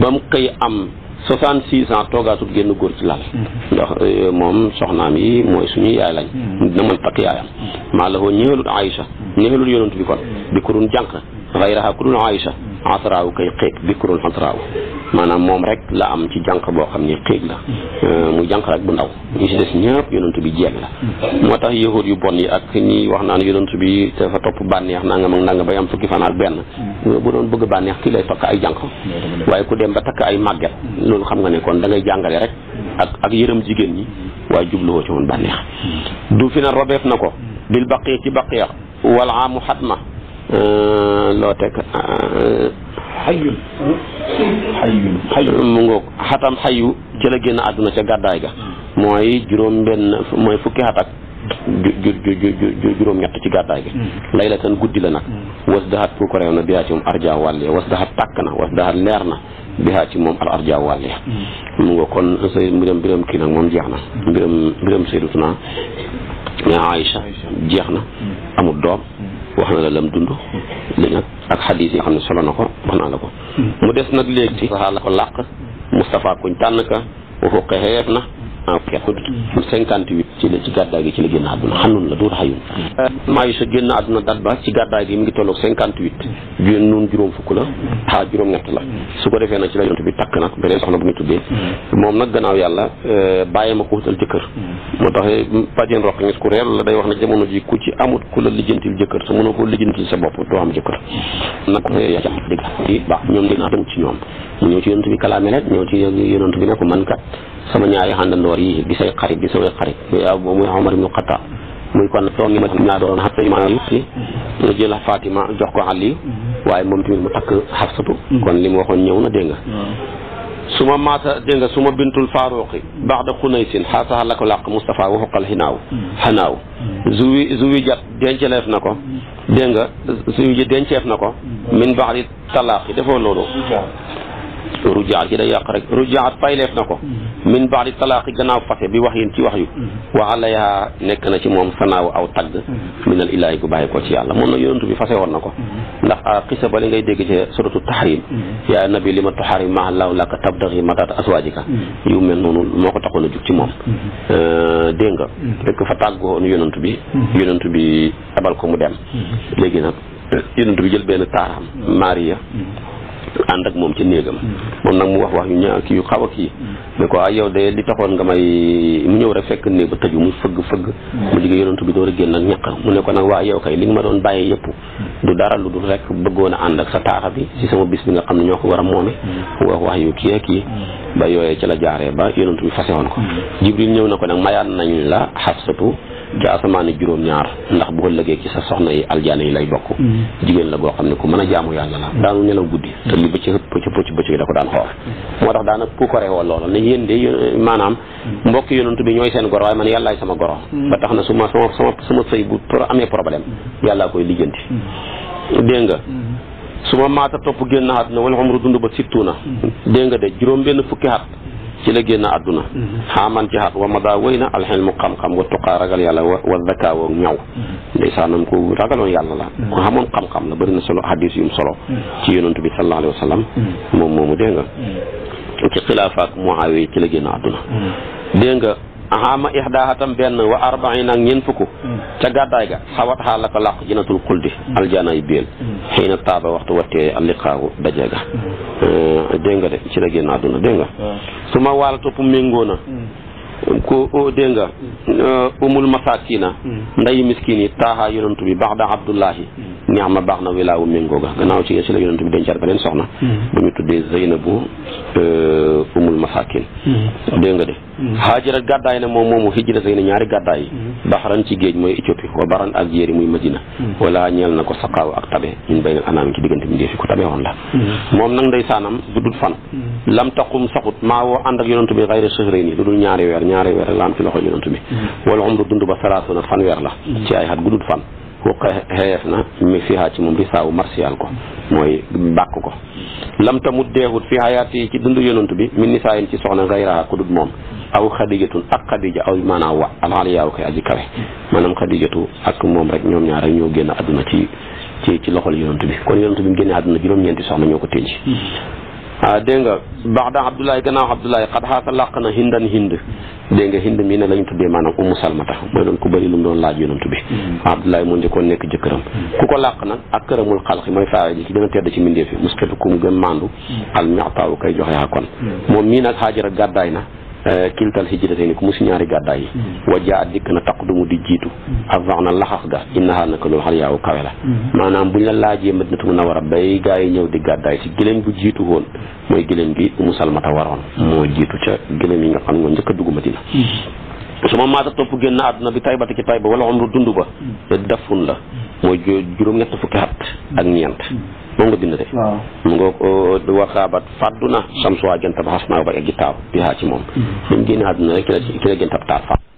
ba mu xëy am 66 ans toogaatul génn góor ci lal mm-hmm. ndax euh, moom soxnaam yi mooy suñu yaay lañ mm-hmm. dina mooy yaayam mm-hmm. maa la woo ñëelul Aïcha ñëelul yonent bi kon bi kurun jànq xayraha kurun Aïcha ansaraaw kay xéeg bikkurul ansaraaw maanaam moom rek la am ci jànq boo xam ne xéeg la euh, mu janq rek bu ndaw ñu si des ñëpp yonantu bi jeeg la moo tax yahud yu bon yi ak ñi wax naan yonantu bi dafa topp bànneex nangam ak nangam ba am fukki fan ak benn bu doon bëgg bànneex ki lay takk ay jànq waaye ku dem ba takk ay màgget loolu xam nga ne kon da ngay jàngale rek ak ak yërëm jigéen ñi waaye jubluwoo ci woon bànneex du fi na robeef na ko bil baqiya ci baqiya wal xat xatma Euh, loo teg xayul euh, xayul xayul mu ngoog xatam xayu ci la génn àdduna ca gàddaay ga mooy juróom benn mooy fukki xatak ju ju ju juróom ñett ci gàddaay gi mm. laylatan guddi la nag mm. was daxat pour ko reew na bihaa ci moom arja wàlle was daxat tàkk na was daxat leer na bihaa ci moom al arja wàlle mm. mu nga kon mbiram mbiram kii nag moom jeex na mbiram mbiram sayyidatuna Aïcha jeex na amul doom wax na la lam dund li nag ak xadis yoo xam ne solo na ko wax na la ko hmm. mu des nag léegi la ko làq Moustapha kuñ tànn ka waxu xeexeef na en ah, fait cinquante huit ci la ci gàddaay gi ci la génn àdduna xanun ah, la duur xayun maayu sa génn àdduna dat ba ci gàddaay gi mu ngi tolloog cinquante huit jun nun juróom fukk la xaa ah, juróom ñett la su ko defee nag ci la yont bi takk nag beneen soxna bu ñu tuddee moom nag gannaaw yàlla eh, bàyyi ma ko wutal jëkkër moo tax pajeen eh, roq ngis ku reer la day wax ne jamono ji ku ci amut ku la lijjantil jëkkër sa mënoo koo lijjantil sa bopp doo am jëkkër nag ko eh, yaa dëgg di baax ñoom dina dem ci ñoom mu ñëw ci yonent bi kalaame leen ñëw ci yonent bi ne ko man kat sama ñaari xàndandoor yii di say xarit di samay xarit muy Omar ibn Xattaab muy kon soo ngi ma laa doon Hafsa maanaam lutli mu jël Fatima jox ko Ali waaye moom tamit mu takk Hafsatu kon li mu waxoon ñëw na dégg su ma maata dégg nga su ma bintul faaruqi baxda xunaysin xaasaha la ko làq Moustapha waxuqal xinaaw xanaaw zuwi zuwi jat denceleef na ko dégg nga zuwi denceef na ko min baxdi talaax yi defoo loolu rujaa ji day yàq rek rujaat fayleef na ko mm. min baadi talaaqi ganaaw fase bi wax yéen ci wax mm. wa waxala yaa nekk na ci moom sanaaw aw tag mm. minal ilaahi gu bàyyi ko ci yàlla moom na yonentu bi fase woon na ko ndax xisa ah, ba li ngay dégg ci suratu tahrim yaa nabi li ma tuxaarim ma allahu laka tabdagi mataata aswaajika yu mel noonu moo ko taxoon a jug ci moom euh, dégg nga fekk fa tàggoon yonentu bi yonentu bi abal ko mu dem léegi nag yonentu bi jël benn taaraam Maria ànd ak moom ca néegam moom nag mu wax wax yu ñaa kii yu xaw a kii ne ko ah, yow de li taxoon nga may mu ñëw rek fekk néeg ba tëju mu fëgg fëgg mu jige yonantu bi door a génn ak ñaq mu ne ko nag waa yow kay li nga ma doon bàyyee yëpp du dara lu dul rek bëggoon ànd ak sa taara bi si sama bis bi nga xam ne ñoo ko war a moome mu wax wax yu kii ak kii ba yooyee ci la jaaree ba yonantu bi fasewoon ko mm-hmm. jibril ñëw na ko nag mayaat nañ la sa xafsatu ja asamaane juróom-ñaar ndax bu ëllëgee ci sa soxna yi aljaane yi lay bokk mm-hmm. jigéen la goo xam ne ku mën a jaamu yàlla la daanu nelaw guddi te li bëccëg pëcc pëcc bëccëg da ko daan xool mm-hmm. moo tax daana puukare woo loola ne yéen de maanaam mm-hmm. mbokki yonantu bi ñooy seen goro waaye man yàllaay sama goro ba tax na su ma sama sama sama sëy bu amee problème yàllaa koy lijjanti dégg nga su ma maata topp génn xat na wala xamru dund ba sittu na dégg nga de juróom benn fukki xat ci la génn àdduna mm-hmm. xaaman ci xaat wa ma daa wëy na alxilmu xam-xam wa tuqaa ragal yàlla wa wa zakaawa ñaw mm-hmm. ndeysaanam ko ragaloon yàlla la mm-hmm. ku xamoon la bëri na solo hadis yum solo ci yonent bi sallallahu alayhi wa sallam moom moomu dégg nga ci xilaafaak Muawiya ci la génn àdduna dégg nga axaama ixdaaha tam benn wa arbain ak ñeent fukk hmm. ca gàddaay ga xawat xaa la ko làq jinatul xuldi hmm. aljaana yu béel hmm. xëy na taaba waxtu wattee alliqaawu daje ga euh, dégg de ci la génn àdduna dégg nga su ma waala topp méngoo na ko o dégg nga euh, umul masakina ndayi miskin yi taaxaa yonantu bi baax da abdullahi ñaax ma baax na wilaawu méngoo ga gannaaw ci si la yonantu bi dencaat beneen soxna bu ñu tuddee zeynabu euh, umul masakin dégg nga de Mm-hmm. haajara gàddaay na moom moomu hijra sëy na ñaari gàddaay yi mm-hmm. baxaran ci géej mooy Éthiopie wa baran ak jéeri muy Madina mm-hmm. wala ñeel na ko saqaaw ak tabe min bay nal anaam ci diggante mi ndeefi ko tabe la moom nag ndeysaanam guddut fan lam taqum saxut maa woo ànd ak yonantu bi xayra shahrayn yi lu dul ñaari weer ñaari weer la am ci loxo yonantu bi wala umru dund ba weer la ci ay xat guddut fan xuqa xeyeef na mi fiha ci moom bi saawu martial ko mooy bàkk ko lam mu deexut fi hayaat yi ci dund yonantu bi min nisaayin ci soxna gayraha ku dut moom aw xadijatun ak xadija aw maanaam wa alxaliyaaw koy aji kawe maanaam xadijatu ak moom rek ñoom ñaar rek ñoo génn àdduna ci ci ci loxol yonantu bi kon yonantu bi mu génne àdduna juróom-ñeenti soxna ñoo ko tëj ah dégg nga baax daa Abdoulaye gannaaw Abdoulaye xat xaasa làq na hindan hind dégg nga hind mii ne lañ tuddee maanaam umu salmata mooy doon ku bëri lu mu doon laaj yonantu bi hmm. Abdoulaye moo njëkkoon nekk jëkkëram hmm. ku ko làq nag ak këramul xalxi mooy faare ji ki gën a tedd ci mbindeef yi mus xetu ku mu gën mandu hmm. al ñaxtaawu kay joxe kon moom mii nag xaajara gàddaay na si eh, kintal hijratayni ku mu si ñaari gàddaay yi hmm. wa jaa dikk na taqdumu di jiitu hmm. avant na laxas ga innahaa ka loolu xal yaaw kawe la hmm. maanaam buñ la laajee madinatu munawara bay gaa yi ñëw di gàddaay si gëléem bu jiitu woon mooy gëléem gi mu salmata waroon moo jiitu ca gëléem yi nga xam ne moo njëkk a dugg Madina suma maata topp génn àdduna bi taybati ci tayba wala umru dund ba dafun la mooy juróom-ñett fukki at ak ñeent moom nga bind rek. waaw mu nga euh, waxaabat fàddu na. samsuwaa jëntab xas naa ba egg taaw bi ci moom. fi mm-hmm. mu génn na rek ki la ci ki la